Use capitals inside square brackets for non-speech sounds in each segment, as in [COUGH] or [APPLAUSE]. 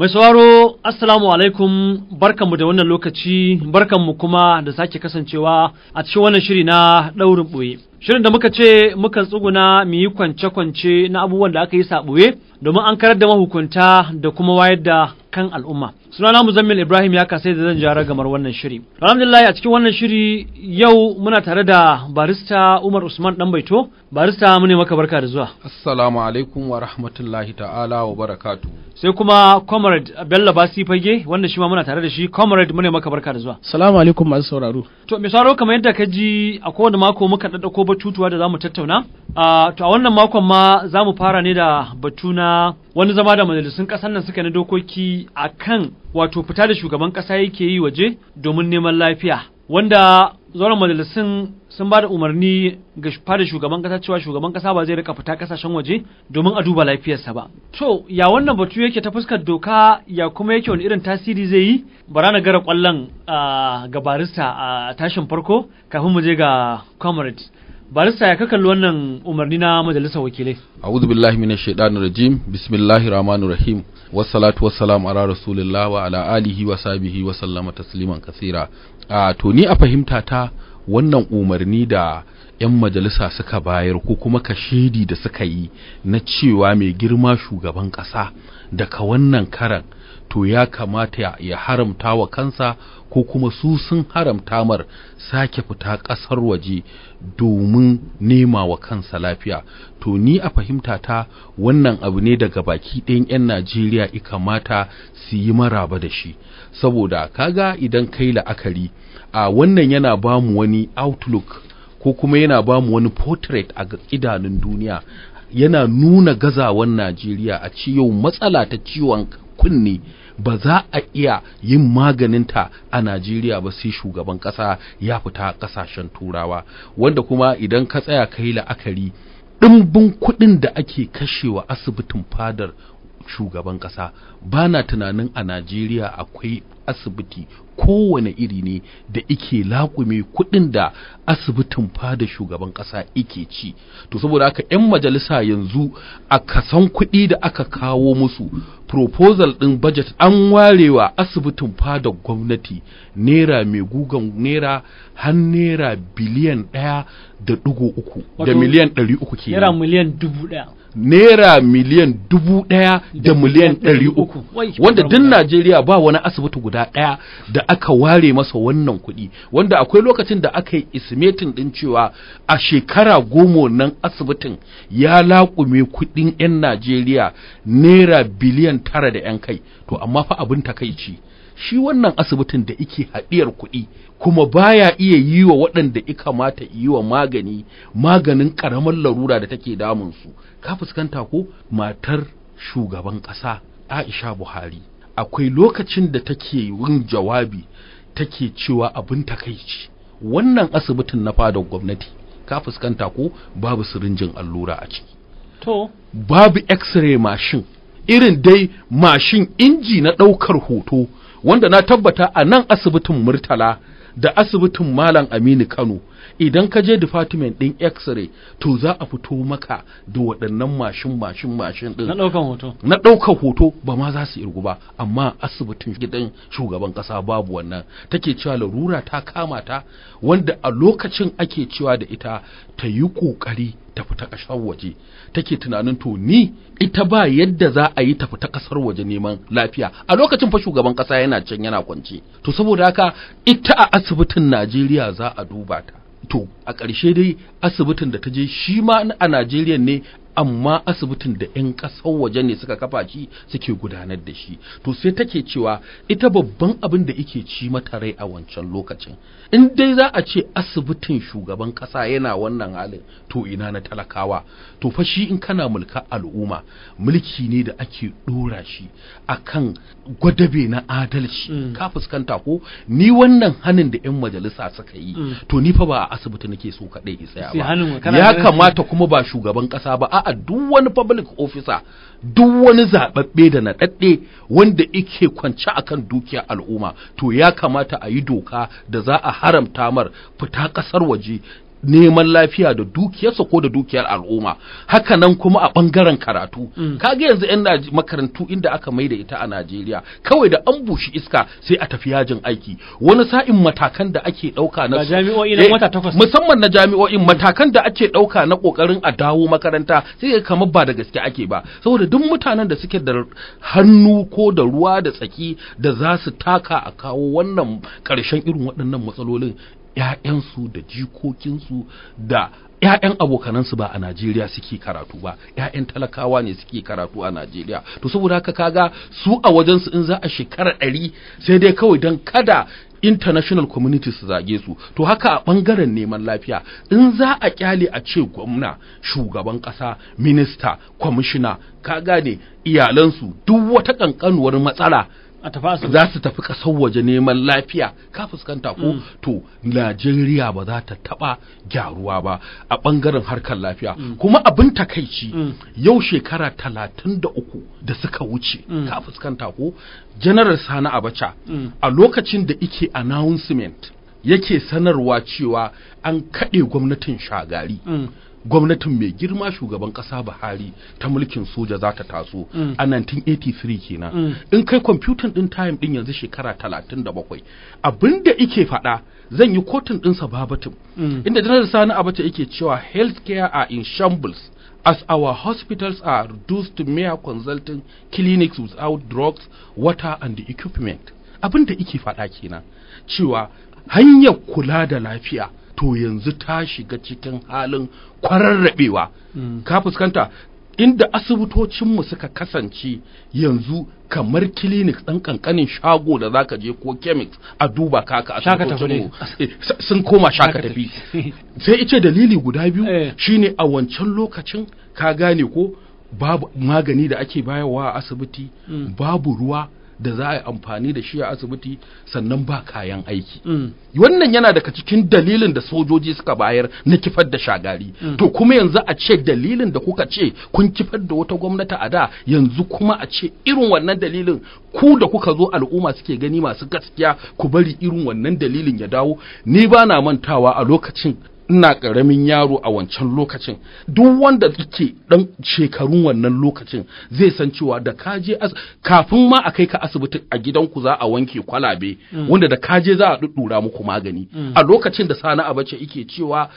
Mai sauraro Assalamu alaikum barkanmu da wannan lokaci barkanmu kuma da sake kasancewa a cikin wannan shiri na ɗaurin ɓoye. Shirin da muka ce muka tsuguna mu yi kwance-kwance na abubuwan da aka yi saɓoye domin an karar da mahukunta da kuma wayar da kan al'umma sunana muzammil ibrahim ya kasai da zan jara gamar wannan shiri alhamdulillah a cikin wannan shiri yau muna tare da barista umar usman dan baito barista mu ne maka barka da zuwa assalamu alaikum wa rahmatullahi ta'ala wa barakatu sai kuma comrade bello basi fage wanda shi ma muna tare da shi comrade mu ne maka barka da zuwa assalamu alaikum masu sauraro to me sauraro kamar yadda ka ji a kowane mako muka daddako batutuwa da zamu tattauna to a wannan makon ma zamu fara ne da batuna wani zama da majalisun kasar nan suka na dokoki a akan wato fita da shugaban ƙasa yake yi waje domin neman lafiya wanda zauren majalisun sun ba da umarni ga fada shugaban kasa cewa shugaban ƙasa ba zai rika fita kasashen waje domin a duba lafiyarsa ba to ya wannan batu yake ta fuskar doka ya kuma yake wani irin tasiri zai yi bara na gara kwallon ga barista a tashin farko kafin mu je ga comrades barista ya kakalli wannan umarni na majalisar wakilai a'udhu billahi minash shaitanir rajim bismillahir rahmanir rahim wasalatu wassalamu ala rasulillah wa ala alihi wa sabihi wa sallama tasliman kasira a ah, to ni a fahimta ta wannan umarni da 'yan majalisa suka bayar ko kuma ka shaidi da suka yi na cewa mai girma shugaban ƙasa daga wannan karan to ya kamata ya haramta wa kansa ko kuma su sun haramta mar sake fita ƙasar waje domin nema wa kansa lafiya to ni a fahimta ta wannan abu ne daga baki ɗayan 'yan najeriya i kamata su yi maraba da shi saboda kaga idan kai la'akari a wannan yana bamu wani outlook ko kuma yana ba mu wani portrait a idanun duniya yana nuna gazawan Najeriya a ci yau matsala ta ciwon kunne ba za a iya yin maganinta a Najeriya ba sai shugaban ƙasa ya fita ƙasashen turawa wanda kuma idan ka tsaya ka yi la'akari ɗimbin kuɗin da ake kashewa asibitin fadar shugaban kasa ba na tunanin a najeriya akwai asibiti kowane iri ne da ike lakume kuɗin da asibitin fada shugaban kasa ike ci to saboda haka 'yan majalisa yanzu a kasan kuɗi da aka kawo musu proposal ɗin budget an warewa asibitin fadar gwamnati naira mai gugan naira har naira biliyan ɗaya da ɗigo uku da miliyan ɗari uku ke naira miliyan dubu ɗaya naira miliyan dubu ɗaya da miliyan ɗari uku wanda duk najeriya ba wani asibiti guda ɗaya da aka ware masa wannan kuɗi wanda akwai lokacin da aka yi ismetin ɗin cewa a shekara goma nan asibitin ya laƙume kuɗin 'yan najeriya naira biliyan tara da ƴan kai to amma fa abin takaici shi wannan asibitin da yake haɗiyar kuɗi kuma baya iya yi wa waɗanda ya kamata yi wa magani maganin ƙaramar larura da take damunsu ka fuskanta ko matar shugaban ƙasa aisha buhari akwai lokacin da take yin jawabi take cewa abin takaici wannan asibitin na fadar gwamnati ka fuskanta ko babu sirinjin allura a ciki to babu x-ray machine irin dai mashin inji na ɗaukar hoto wanda na tabbata a nan asibitin murtala da asibitin malam aminu kano idan ka je department din x-ray to za a fito maka da waɗannan mashin mashin mashin din na ɗaukan hoto na ɗaukan hoto ba ma za su irgu ba amma asibitin gidan shugaban ƙasa babu wannan take cewa larura ta kama ta wanda a lokacin ake cewa da ita ta yi ƙoƙari ta fita ƙasar waje take tunanin to ni ita ba yadda za a yi ta fita ƙasar waje neman lafiya a lokacin fa shugaban ƙasa yana can yana kwance to saboda haka ita a asibitin Najeriya za a duba ta to a ƙarshe dai asibitin da ta je shi ma a Najeriya ne amma asibitin da 'yan ƙasar waje ne suka kafa shi suke gudanar da shi to sai take cewa ita babban abin da ike ci mata rai a wancan lokacin in dai za a ce asibitin shugaban kasa yana wannan halin to ina na talakawa to fa shi in kana mulka al'umma mulki ne da ake dora shi akan gwadabe na adalci mm. ka fuskanta ko ni wannan hanin da 'yan majalisa suka yi mm. to ni fa ba a asibiti nake so kaɗai tsaya ba ya kamata kuma ba shugaban kasa ba a'a duk wani public officer duk wani zaɓaɓɓe da naɗaɗɗe wanda yake kwance akan dukiyar al'umma to ya kamata a yi doka da za a haramta mar fita ƙasar waje neman lafiya da dukiyarsa ko da dukiyar al'umma haka nan kuma a bangaren karatu mm. kaga yanzu yan makarantu inda aka maida ita a Najeriya kawai da an bushi iska sai a tafi yajin aiki wani sa'in matakan da ake dauka na jami'o'i na eh, wata takwas musamman na jami'o'in matakan da ake ɗauka na kokarin a dawo makaranta sai kamar ba da gaske ake ba saboda duk mutanen da suke da hannu ko da ruwa da tsaki da za su taka a kawo wannan karshen irin waɗannan matsalolin ‘ya'yansu da jikokinsu da ‘ya'yan abokanansu ba a Najeriya suke karatu ba, ‘ya'yan talakawa ne suke karatu a Najeriya. To saboda haka kaga su a wajensu in za a shekara ɗari sai dai kawai don kada international community su zage su to haka a ɓangaren neman lafiya in za a kyale a ce gwamna shugaban ƙasa minista kwamishina ka gane iyalansu duk wata kankanuwar matsala za su tafi ƙasar waje neman lafiya ka fuskanta ko mm. to najeriya ba za ta taɓa gyaruwa ba a bangaren harkar lafiya mm. kuma abin takaici mm. yau shekara talatin da uku da suka wuce ka fuskanta ko janaral sani abacha a lokacin da ike announcement yake sanarwa cewa an kaɗe gwamnatin shagari gwamnatin mai girma shugaban kasa buhari ta mulkin soja za ta taso mm. a 1983 kenan mm. in kai kwamfutan din time din yanzu shekara 37 abinda ike faɗa zan yi kotun dinsa babatin mm. inda janar sani abacha yake cewa healthcare are in shambles as our hospitals are reduced to mere consulting clinics without drugs water and equipment Abinda da ike faɗa kenan cewa hanyar kula da lafiya to yanzu ta shiga cikin halin kwararrabewa mm. ka fuskanta inda asibitocinmu suka kasance yanzu kamar clinic ɗan ƙanƙanin shago da zaka je ko chemist a duba kaka asibitocinmu eh, sun koma shaka tafi sai ice dalili guda biyu eh. shine a wancan lokacin ka gane ko babu magani da ake bayarwa a asibiti mm. babu ruwa da za a yi amfani da shi a asibiti sannan ba kayan aiki mm. wannan yana daga cikin dalilin da sojoji suka bayar na kifar da shagari mm. to kuma yanzu a ce dalilin da kuka ce kun kifar da wata gwamnati a da yanzu kuma a ce irin wannan dalilin ku da kuka zo al'umma suke gani masu gaskiya ku bari irin wannan dalilin ya dawo ni ba na mantawa a lokacin ina ƙaramin yaro a wancan lokacin duk wanda ke ɗan shekarun wannan lokacin zai san cewa da kaje kafin ma a kai ka asibiti a gidanku za a wanke kwalabe mm. wanda da kaje za a ɗuɗɗura muku magani mm. a lokacin da sani bace ike cewa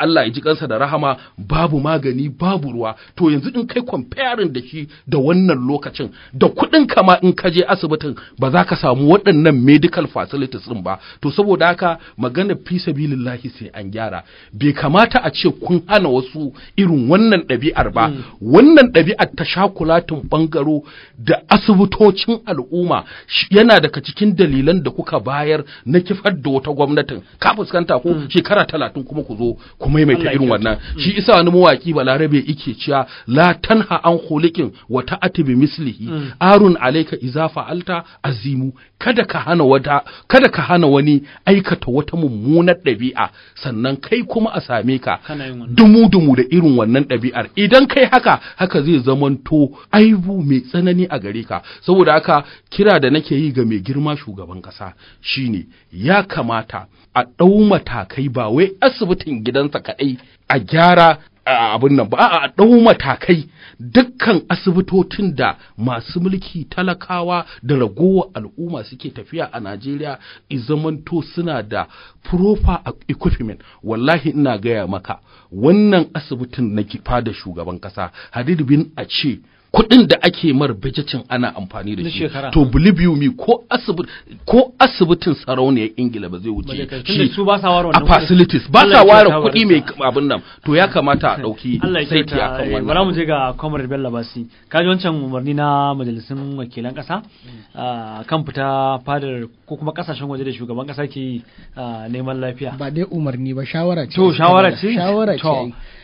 Allah ya ji kansa da rahama babu magani babu ruwa to yanzu in kai comparing da shi da wannan lokacin da kuɗin ma in ka je asibitin ba za ka samu waɗannan medical facilities ɗin ba to saboda haka magana fi sabilillahi sai an gyara bai kamata a ce kun hana wasu irin wannan ɗabi'ar ba mm. wannan ɗabi'ar ta shakulatin bangaro da asibitocin al'umma yana daga cikin dalilan da kuka bayar na kifar da wata gwamnatin ka fuskanta ko mm. shekara talatin kuma ku zo ku maimaita irin wannan mm. shi isa wani mawaki balarabe ike cewa la tanha an kholikin wa ta'ati mislihi arun alaika iza fa'alta azimu kada ka hana wata kada ka hana wani aikata wata mummunar ɗabi'a sannan kai kai kuma a same ka dumu-dumu da irin wannan ɗabi'ar idan kai haka haka zai zamanto aibu mai tsanani a gare ka saboda haka kira da nake yi ga mai girma shugaban ƙasa shine ya kamata a ɗau matakai ba wai asibitin gidansa kaɗai a gyara abin nan ba a ɗau matakai dukkan asibitocin da masu mulki talakawa da ragowar al'umma suke tafiya a Najeriya izamanto suna da proper equipment wallahi ina gaya maka wannan asibitin na kifa da shugaban kasa Hadid bin a ce kuɗin da ake mar bijicin ana amfani da shi to believe ko asibiti ko asibitin sarauniya ingila ba zai wuce shi a facilities ba sa ware kuɗi mai abin nan to ya kamata a ɗauki sai ta kan wannan bala mu je ga comrade bello basi ka ji wancan umarni na majalisun wakilan kasa mm. ah, kan fita fadar ko kuma kasashen waje da shugaban kasa ke ah, neman lafiya ba dai umarni ba shawara ce to shawara ce shawara ce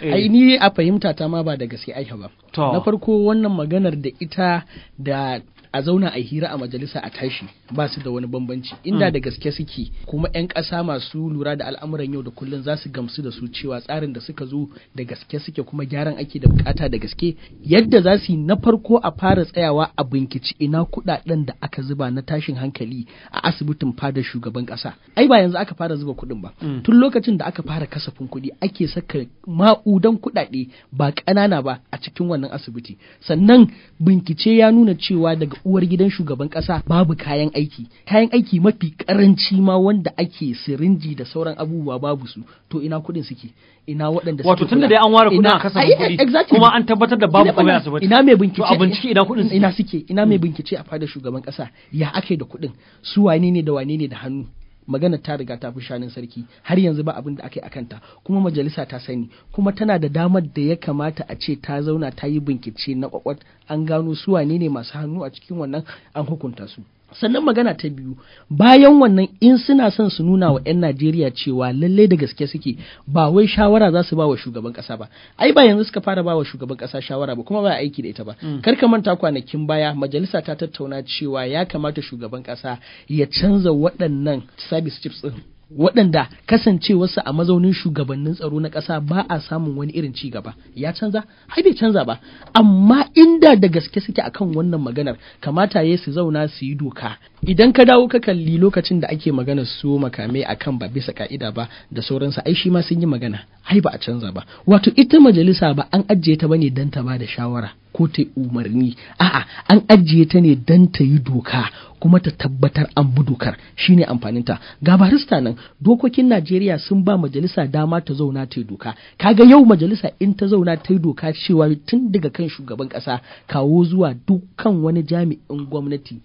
ai eh. ni a fahimta ta ma ba da gaske aika ba na farko wannan maganar da ita da a zauna a hira a majalisa a tashi ba su da wani bambanci inda mm. da gaske suke kuma 'yan ƙasa masu lura da al'amuran yau da kullum za su gamsu da su cewa tsarin da suka zo da gaske suke kuma gyaran ake da bukata da gaske yadda za su yi na farko a fara tsayawa a binkici ina kuɗaɗen da aka zuba na tashin hankali a asibitin fadar shugaban ƙasa ai ba yanzu aka fara zuba kuɗin ba mm. tun lokacin da aka fara kasafin kuɗi ake saka ma'udan kuɗaɗe ba ƙanana ba a cikin wannan asibiti sannan bincike ya nuna cewa daga uwar gidan shugaban kasa babu kayan aiki kayan aiki mafi karanci ma wanda ake sirinji da sauran abubuwa babu su to ina kuɗin suke ina waɗanda suke wato tunda dai an ware kuɗin kasa kudi kuma an tabbatar da babu komai asibiti ina mai bincike a bincike ina kuɗin ina suke ina mai hmm. bincike a fadar shugaban kasa ya ake da kuɗin su wane ne da wane ne da hannu magana ta riga ta fi shanin sarki har yanzu ba abin da aka yi a kanta kuma majalisa ta sani kuma tana da damar da ya kamata a ce ta zauna ta yi bincike na kwakwat an gano su wane ne masu hannu a cikin wannan an hukunta su sannan magana ta biyu bayan wannan in suna son su nuna wa 'yan Najeriya cewa lalle da gaske suke ba wai shawara za su ba wa shugaban kasa ba ai ba yanzu suka fara ba wa shugaban kasa shawara ba kuma ba aiki da ita ba mm. kar ka manta kwanakin baya majalisa ta tattauna cewa ya kamata shugaban kasa ya canza waɗannan service chips din waɗanda kasancewarsa a mazaunin shugabannin tsaro na ƙasa ba a samun wani irin ci gaba ya canza har bai canza ba amma inda da gaske suke akan wannan maganar kamata ya su zauna su yi doka idan ka dawo ka kalli lokacin da ake magana su makamai akan ba bisa ka'ida ba da sauransu ai shi ma sun yi magana ai ba a canza ba wato ita majalisa ba an ajiye ta bane dan ta ba da shawara ko ta umarni a'a an ajiye ta ne dan ta yi doka kuma ta tabbatar an bi dokar shine amfaninta ga barista nan dokokin Najeriya sun ba majalisa dama ta zauna ta yi doka kaga yau majalisa in ta zauna ta yi doka cewa tun daga kan shugaban kasa kawo zuwa duk kan wani jami'in gwamnati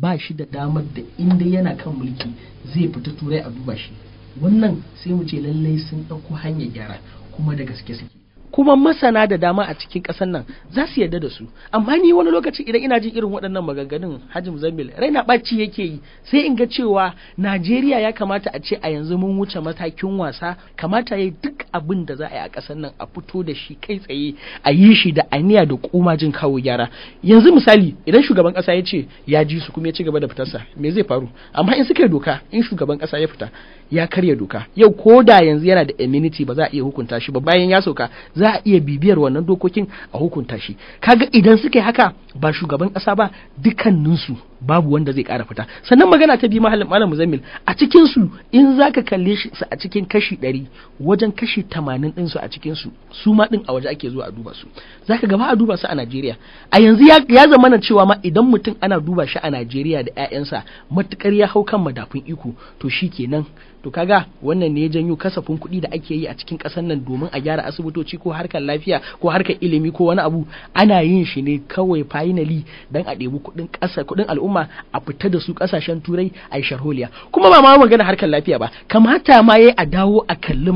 ba shi da damar da inda yana kan mulki zai fita turai a duba shi wannan sai mu ce lallai sun ɗauko hanyar gyara kuma da gaske suke kuma masana da dama a cikin ƙasar nan za su yarda da su amma ni wani lokaci idan ina jin irin waɗannan maganganun hajji Muzamil raina ɓaci yake yi sai in ga cewa Najeriya ya kamata a ce a yanzu mun wuce matakin wasa kamata ya yi duk abin da za a yi a ƙasar nan a fito da shi kai tsaye a yi shi da aniya da kuma jin kawo gyara yanzu misali idan shugaban ƙasa ya ce ya ji su kuma ya ci gaba da fitarsa me zai faru amma in suka yi doka in shugaban ƙasa ya fita ya karya doka yau ko da yanzu yana da immunity ba za a iya hukunta shi ba bayan ya sauka za za a iya bibiyar wannan dokokin a hukunta shi kaga idan suka yi haka ba shugaban ƙasa ba dukkaninsu babu wanda zai kara fita sannan magana ta bi mahallin malam muzammil a cikin su in zaka kalle su a cikin kashi ɗari wajen kashi tamanin din su a cikin su su ma din a waje ake zuwa a duba su zaka gaba a duba su a Najeriya a yanzu ya zama na cewa ma idan mutum ana duba shi a Najeriya da ƴaƴansa matukar ya hau kan madafun iko to shikenan to kaga wannan ne ya janyo kasafin kuɗi da ake yi a cikin ƙasar nan domin a gyara asibitoci ko harkar lafiya ko harkar ilimi ko wani abu ana yin shi ne kawai finally dan a ɗebi kuɗin ƙasa kuɗin al'umma al'umma a fita da su kasashen turai a sharholiya kuma ba ma magana harkar lafiya ba kamata ma ya a dawo a kalli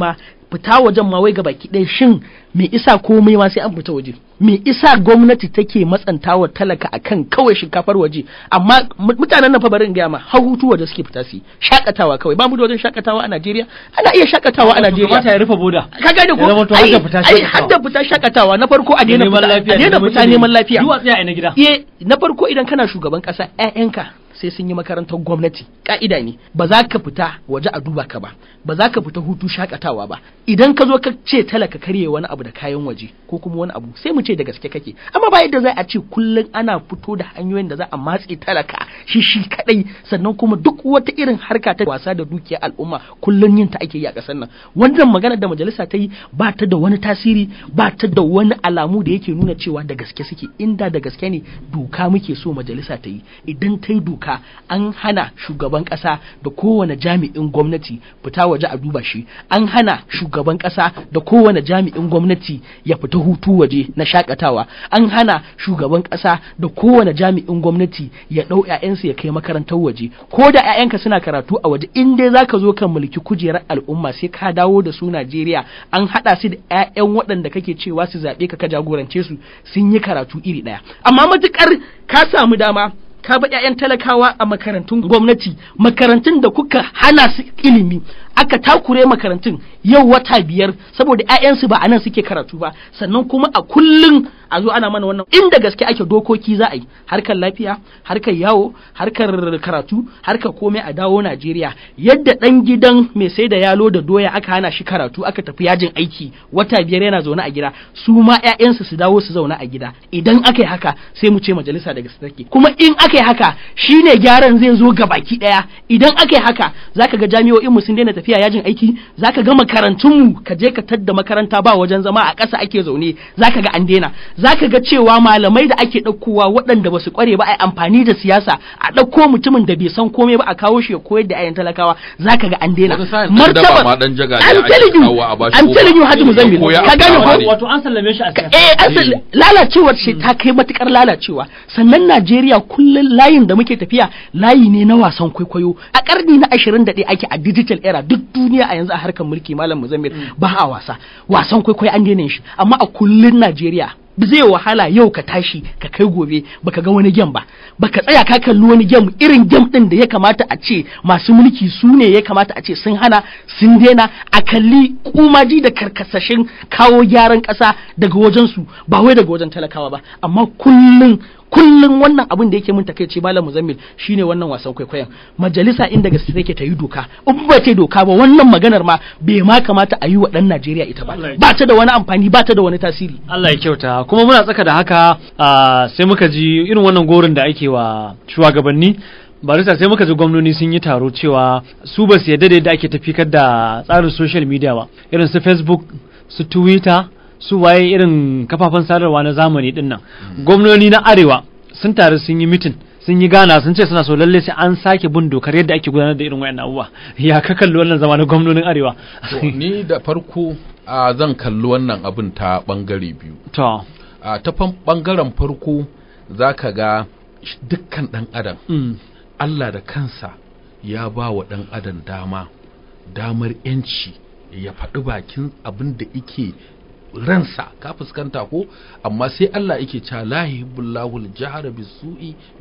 fita wajen ma wai gaba ɗaya shin me isa komai ma sai an fita waje me isa gwamnati take matsantawa talaka akan kawai shinkafar waje amma mutanen nan fa barin gaya ma hahutu waje suke fita su shakatawa kawai ba mu da wajen shakatawa a Najeriya ana iya shakatawa a Najeriya kamata ya rufe boda ka gane ko ai har da fita shakatawa na farko a daina fita a daina fita neman lafiya zuwa tsaya a gida eh na farko idan kana shugaban kasa ƴaƴanka sai sun yi makarantar gwamnati ka'ida ne ba za ka fita waje a duba ka ba ba za ka fita hutu shakatawa ba idan ka zo ka ce talaka karye wani abu da kayan waje ko kuma wani abu sai mu ce da gaske kake amma ba yadda za a ce kullum ana fito da hanyoyin da za a matse talaka shi shi kadai sannan kuma duk wata irin harka ta wasa da dukiya al'umma kullum yin ta ake yi a kasar nan wannan magana da majalisa ta yi ba ta da wani tasiri ba ta da wani alamu da yake nuna cewa da gaske suke inda da gaske ne doka muke so majalisa ta yi idan ta yi doka haka an hana shugaban kasa da kowane jami'in gwamnati fita waje a duba shi an hana shugaban kasa da kowane jami'in gwamnati ya fita hutu waje na shakatawa an hana shugaban kasa da kowane jami'in gwamnati ya dau 'ya'yansa ya kai makarantar waje ko da 'ya'yanka suna karatu a waje in dai zaka zo kan mulki kujerar al'umma sai ka dawo da su Najeriya an hada su da 'ya'yan waɗanda kake cewa su zaɓe ka ka jagorance su sun yi karatu iri ɗaya amma matukar ka samu dama ka bi 'ya'yan talakawa a makarantun gwamnati makarantun da kuka hana su ilimi aka takure makarantun yau wata biyar saboda 'ya'yansu ba a nan suke karatu ba sannan kuma a kullum a zo ana mana wannan inda gaske ake dokoki za a yi harkar lafiya harkar yawo harkar karatu harkar komai a dawo najeriya yadda dan gidan mai sai da yalo da doya aka hana shi karatu aka tafi yajin aiki wata biyar yana zaune a gida su ma 'ya'yansu su dawo su zauna a gida idan aka yi haka sai mu ce majalisa daga gaske kuma in aka yi haka shine gyaran zai zo ga baki daya idan aka yi haka zaka ga jami'o'in mu sun daina tafiya tafiya yajin aiki zaka ga makarantun mu ka je ka tadda makaranta ba wajen zama a ƙasa ake zaune zaka ga an daina zaka ga cewa malamai da ake ɗaukowa waɗanda basu kware ba a amfani da siyasa a ɗauko mutumin da bai san komai ba a kawo shi ya koyar da ayyan talakawa zaka ga an daina martaba An telling an I'm telling you Haji Muzammil ka gane ko wato an sallame shi a siyasa eh an lalacewar shi ta kai matukar lalacewa sannan Najeriya kullun layin da muke tafiya layi ne na wasan kwaikwayo a karni na 21 ake a digital era duk duniya a yanzu a harkar mulki malam muzammil mm. ba a wasa wasan kwaikwayo an daina shi amma a kullun najeriya zai wahala yau ka tashi ka kai gobe baka ga wani gem ba baka tsaya ka kalli wani gem irin gem din da ya kamata a ce masu mulki su ne ya kamata a ce sun hana sun daina a kalli kumaji da karkasashin kawo gyaran kasa daga wajensu ba wai daga wajen talakawa ba amma kullun. kullum wannan abin da yake mun takeici malam muzammil shine wannan wasan kwaikwayon majalisa inda gaske take ta yi doka in ba ta doka ba wannan maganar ma bai ma kamata a yi wa dan Najeriya ita ba ba ta da wani amfani ba ta da wani tasiri Allah ya kyauta kuma muna tsaka da haka sai muka ji irin wannan gorin da ake wa shugabanni barista sai muka ji gwamnoni sun yi taro cewa su ba su yadda da yadda ake tafikar da tsarin social media ba irin su facebook su twitter su waye irin kafafen sadarwa na zamani din nan gwamnoni na arewa sun taru sun yi mitin sun yi gana sun ce suna so lalle sai an sake bin dokar yadda ake gudanar da irin wayan abubuwa [LAUGHS] ya ka kalli wannan zama na gwamnonin arewa ni da farko zan kalli wannan abin ta bangare biyu to ta bangaren farko za ka ga dukkan dan adam mm. Allah da kansa ya ba wa ɗan adam dama damar yanci ya faɗi bakin abin da ike ransa ka fuskanta ko amma sai Allah yake cewa la yuhibbullahu al-jahra bis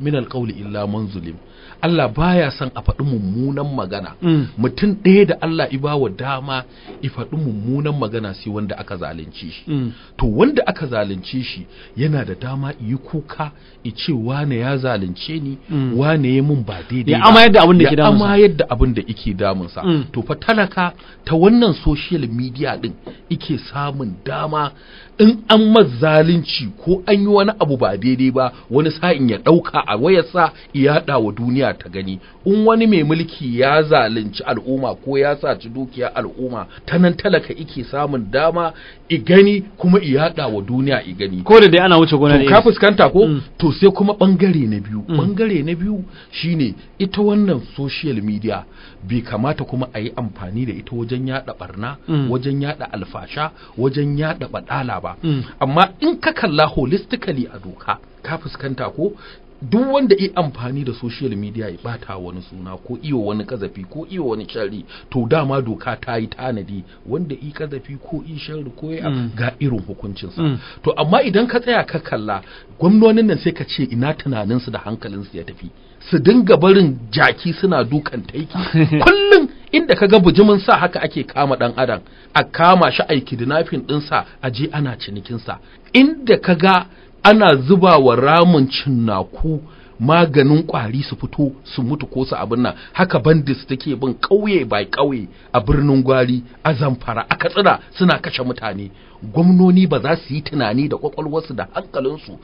min al illa man zulim Allah baya son a faɗi mummunan magana mm. mutum ɗaya da Allah ibawa dama i faɗi mummunan magana sai wanda aka zalunci shi mm. to wanda aka zalunci shi yana da dama yi kuka i ce wane ya zalunce ni mm. wane ya mun ba daidai ya ama yadda abin da ke damunsa ya ama yadda abin da ike damunsa to fa talaka ta wannan social media din ike samun dama in an zalunci ko an yi wani abu ba daidai ba wani sa'in ya ɗauka a wayarsa ya wa duniya ta gani in wani mai mulki ya zalunci al'umma ko ya saci dukiya al'umma ta nan talaka ike samun dama i gani kuma i wa duniya i gani ko da dai ana wuce gona ne ka fuskanta ko mm. to sai kuma bangare na biyu bangare mm. na biyu shine ita wannan social media bai kamata kuma a yi amfani da ita wajen yada barna mm. wajen yada alfasha wajen yada badala ba ba mm. amma in ka kalla holistically a doka ka fuskanta ko duk wanda yi amfani da social media ya bata wani suna ko iyo wani kazafi ko iyo wani shari to dama doka ta yi tanadi wanda yi kazafi ko yi shari ko ya mm. ga irin hukuncinsa mm. to amma idan ka tsaya ka kalla gwamnonin nan sai ka ce ina tunanin su da hankalinsu ya tafi su dinga barin jaki suna dukan taiki [LAUGHS] kullum inda ka ga bujimin sa haka ake kama dan adam a kama shi a kidnapping ɗinsa a je ana cinikinsa inda ka ga ana zuba wa ramin cinnaku maganin kwari su fito su mutu ko su abin nan haka bandits take bin ƙauye bai ƙauye a birnin gwari a zamfara a katsina suna kashe mutane gwamnoni ba za su yi tunani da kwakwalwarsu da hankalinsu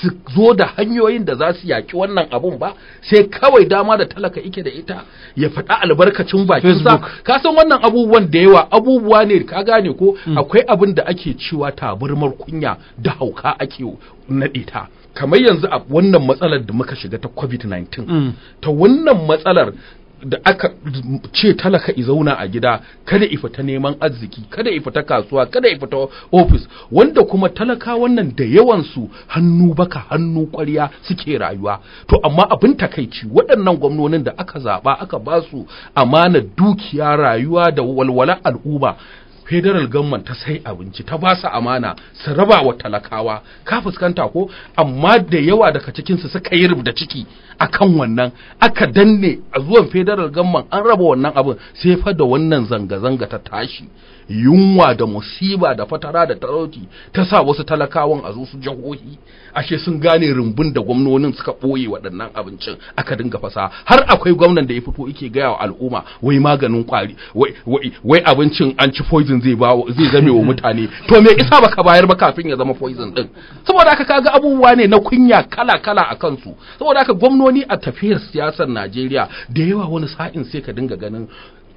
su zo da hanyoyin da za su yaki wannan abun ba sai kawai dama da talaka ike da ita ya faɗa albarkacin bakinsa ka san wannan abubuwan da yawa abubuwa ne ka gane ko mm. akwai abin da ake cewa taburmar kunya da hauka ake naɗe ta kamar yanzu a wannan matsalar da muka shiga ta covid-19 mm. ta wannan matsalar da aka ce talaka i zauna a gida kada i fita neman arziki kada i fita kasuwa kada i fita ofis wanda kuma talaka wannan da yawansu hannu baka hannu kwarya suke rayuwa to amma abin takaici waɗannan gwamnonin da aka zaɓa aka ba su amanar dukiya rayuwa da walwala al'umma federal government ta sai abinci ta ba su amana su raba wa talakawa ka fuskanta ko amma da yawa daga cikinsu suka yi rubda ciki akan wannan aka danne a zuwan federal government an raba wannan abin sai fa da wannan zanga-zanga ta tashi yunwa da musiba da fatara da talauci ta sa wasu talakawan a zo su jihohi ashe sun gane rumbun da gwamnonin suka boye waɗannan abincin aka dinga fasa har akwai gwamnan da ya fito yake gaya wa al'umma wai maganin kwari wai abincin an ci poison zai ba zame wa mutane to me isa baka bayar ba kafin ya zama poison din saboda aka kaga abubuwa ne na kunya kala kala a kansu saboda aka gwamnoni a tafiyar siyasar Najeriya da yawa wani sa'in sai ka dinga ganin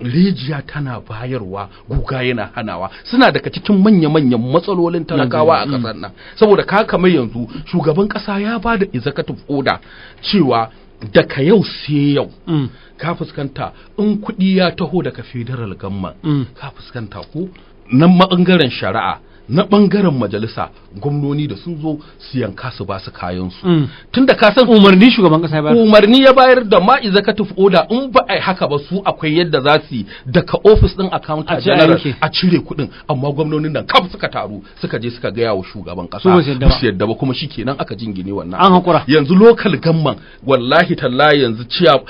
rijiya tana bayarwa guga yana hanawa suna daga cikin manya-manyan matsalolin talakawa a mm-hmm. ƙasar nan saboda ka kamar yanzu shugaban ƙasa ya ba da izakatu oda cewa daga yau sai yau mm. ka fuskanta in kuɗi ya taho daga federal gamma ka fuskanta ko nan ma'angaren shari'a na bangaren majalisa gwamnoni da sun zo su yanka su ba su kayan su mm. tun ka san umarni shugaban kasa ya bayar umarni ya bayar da ma executive oda in ba a haka ba su akwai yadda za su daga office din accountant general a cire Kudin amma gwamnonin nan kaf suka taru suka je suka gaya wa shugaban kasa su yadda ba kuma shikenan aka jingine wannan an hakura yanzu local gamman wallahi tallahi yanzu ciya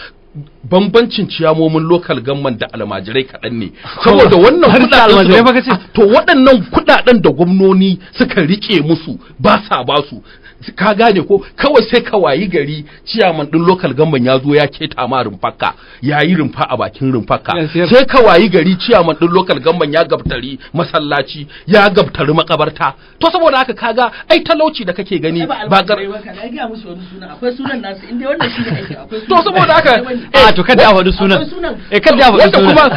bambancin ciyamomin lokal gamman da almajirai kaɗan ne [LAUGHS] saboda wannan kuɗaɗen to waɗannan kuɗaɗen da gwamnoni suka rike musu ba sa ba su ka gane ko kawai sai ka wayi gari ciyaman ɗin lokal gamman ya zo ya keta ma rumfaka ya yi rumfa a bakin rumfaka sai ka wayi gari ciyaman ɗin lokal gamman ya gabtari masallaci ya gabtari makabarta to saboda haka kaga ai talauci da kake gani ba gar akwai sunan nasu inda wannan shi ne akwai to saboda haka Eh, a ah, to kada a faɗi sunan eh kada a faɗi sunan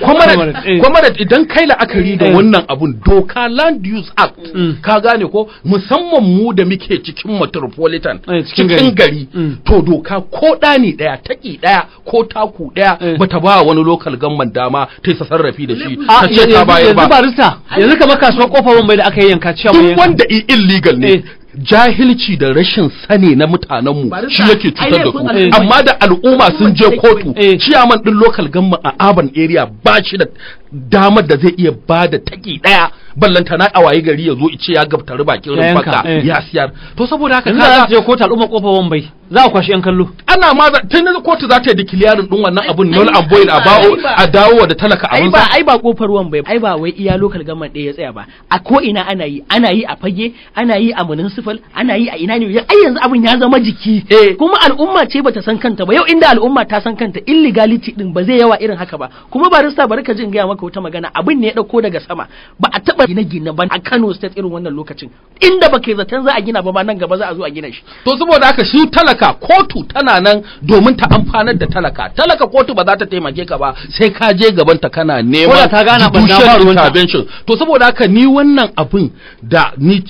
kuma [LAUGHS] kuma eh. idan kai la'akari da eh. wannan abun doka land use act mm. ka gane ko musamman mu da muke cikin metropolitan cikin gari mm. to doka ko ɗani ɗaya taki ɗaya ko taku ɗaya bata ba wani local gamman dama ta yi sarrafi da shi ta ce ah, ta bayar ba yanzu yanzu kamar kasuwar kofar wambai da aka yi yanka cewa wanda illegal ne jahilci da rashin sani na mutanenmu shi yake cutar da ku amma da al'umma sun je kotu eh. ciyaman din local government a urban area ba shi da damar da zai iya ba da taki daya ballanta na awaye gari ya zo ice ya gaftari bakin rubaka eh. ya siyar to saboda haka ka je kota al'umma kofa wambai za a kwashi yan kallo ana ma tun kotu za ta yi dikiliyarin din wannan abun nol and boil a bawo a dawo da talaka a wanda ai ba kofar wambai ai ba wai iya local government ɗaya ya tsaya ba a ko ina ana yi ana yi a fage ana yi a municipal ana yi a ina ne ai yanzu abin ya zama jiki eh. kuma al'umma ce bata san kanta ba yau inda al'umma ta san kanta illegality din ba zai yawa irin haka ba kuma barista bari ka jin gaya maka maka wuta magana abin ne ya dauko daga sama ba a taba gine gine ba a Kano state irin wannan lokacin inda ba kai zaton za a gina ba ba nan gaba za a zo a gina shi to saboda haka shi talaka kotu tana nan domin ta amfanar da talaka talaka kotu ba za ta taimake ka ba sai ka je gaban ta kana neman ta gana intervention to saboda haka ni wannan abin da ni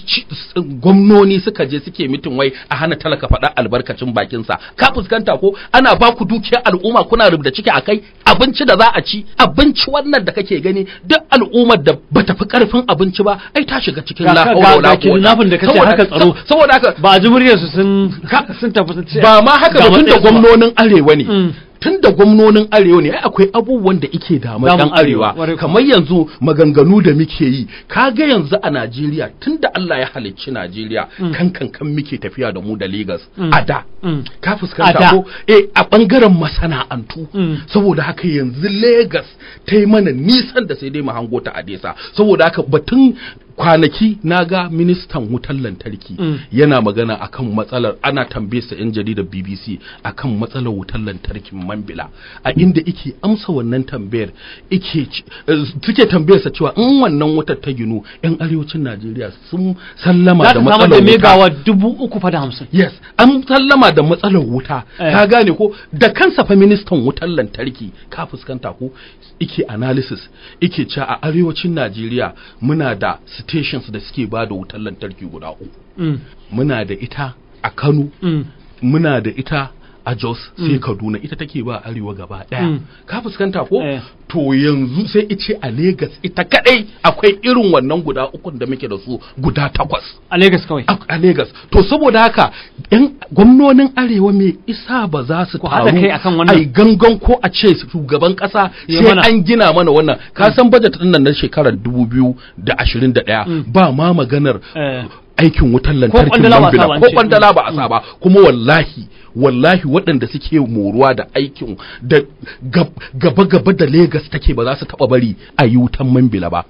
gwamnoni suka je suke mitin wai a hana talaka faɗa albarkacin bakin sa ka fuskanta ko ana ba ku dukiyar al'umma kuna rubuta ciki akai abinci da za a ci abinci wannan da kake gani duk al'ummar da bata fi karfin abinci ba ai ta shiga cikin lahaula nafin da kace haka tsaro saboda haka ba a su muryarsu sun sun tafi ba ma haka ba tun da gwamnonin arewa ne mm. tun da gwamnonin arewa ne akwai abubuwan da ike da dan arewa kamar yanzu maganganu da muke yi kaga yanzu a Najeriya tun da Allah ya halicci Najeriya mm. kan kan kan muke tafiya da mu da Lagos mm. a da mm. ka fuskanta ko eh a bangaren masana'antu saboda haka yanzu Lagos ta yi mana nisan da sai dai mu hango ta a desa saboda haka batun kwanaki na ga ministan wutar lantarki mm. yana magana akan matsalar ana tambaye sa 'yan jaridar bbc akan matsalar wutar lantarkin mambila a inda ike amsa wannan tambayar ike eh, suke tambayar sa cewa in wannan wutar ta ginu 'yan arewacin najeriya sun sallama da matsalar wuta dubu uku fa hamsin yes an sallama da matsalar wuta eh. ka gane ko da kansa fa ministan wutar lantarki ka fuskanta ko ike analysis ike ca a arewacin Najeriya muna da stations da suke ba da wutar lantarki guda uku mm. muna da ita a Kano mm. muna da ita a Jos sai mm. Kaduna ita take ba arewa gaba daya mm. ka fuskanta ko eh. to yanzu sai ice a Legas ita kadai akwai irin wannan guda ukun da muke da su guda takwas a Legas kawai a Legas to saboda haka yan gwamnonin arewa mai isa ba za su taru ai gangan ko a ce shugaban kasa sai an gina mana wannan ka mm. san bajet din nan na shekarar da 2021 ba ma maganar eh. aikin wutar lantarkin ko kwandala ba a sa ba mm. kuma wallahi wallahi waɗanda suke moruwa da aikin da gaba gaba da Legas take ba za su taɓa bari a yi wutan man ba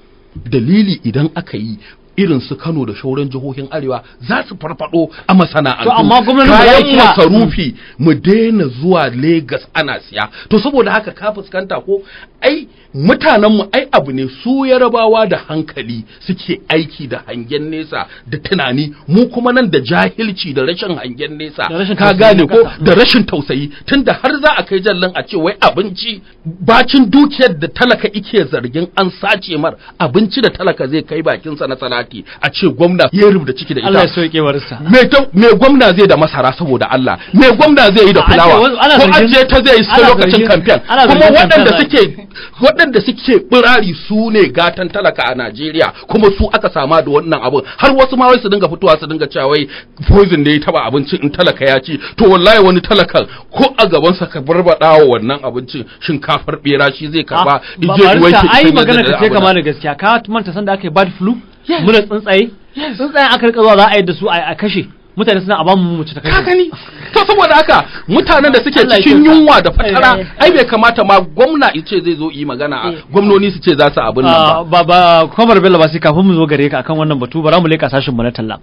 dalili idan aka yi irin su Kano da shauran jihohin Arewa za su farfado a masana'antu. To amma gwamnati ba masarufi mu daina zuwa Lagos ana siya. To saboda haka ka fuskanta ko ai mutanen mu ai abu ne su Yarabawa da hankali suke aiki da hangen nesa da tunani mu kuma nan da jahilci da rashin hangen nesa ka gane ko da rashin tausayi tunda har za a kai jallan a ce wai abinci bacin dukiyar da talaka ike zargin an sace mar abinci da talaka zai kai bakinsa na sana'a sati a ce gwamna ya rubuta ciki da ita Allah ya sauke warsa me gwamna zai da masara saboda Allah me gwamna zai yi da fulawa ko aje ta zai yi lokacin kamfen kuma waɗanda suke waɗanda suke birari su ne gatan talaka a Najeriya kuma su aka sama da wannan abu. har wasu ma wai su dinga fitowa su dinga cewa wai poison ne ya taba abincin in talaka ya ci to wallahi wani talakan ko a gaban sa ka barbada wa wannan abincin shinkafar bera shi zai karba ah, ije ruwan ki ai magana ta ce kama da gaskiya ka manta san da ake bad flu muna tsuntsaye tsuntsaye aka rika zuwa za a yi da su a kashe mutane suna a bamu mu ta kashe ka gani to saboda haka mutanen da suke cikin yunwa da fatara eh. ai bai kamata ma gwamna ya ce zai zo yi magana eh. gwamnoni su ce za su abin nan ba ah, ba ba bello ba sai kafin mu zo gare ka akan wannan batu bara mu leka sashin mu na talla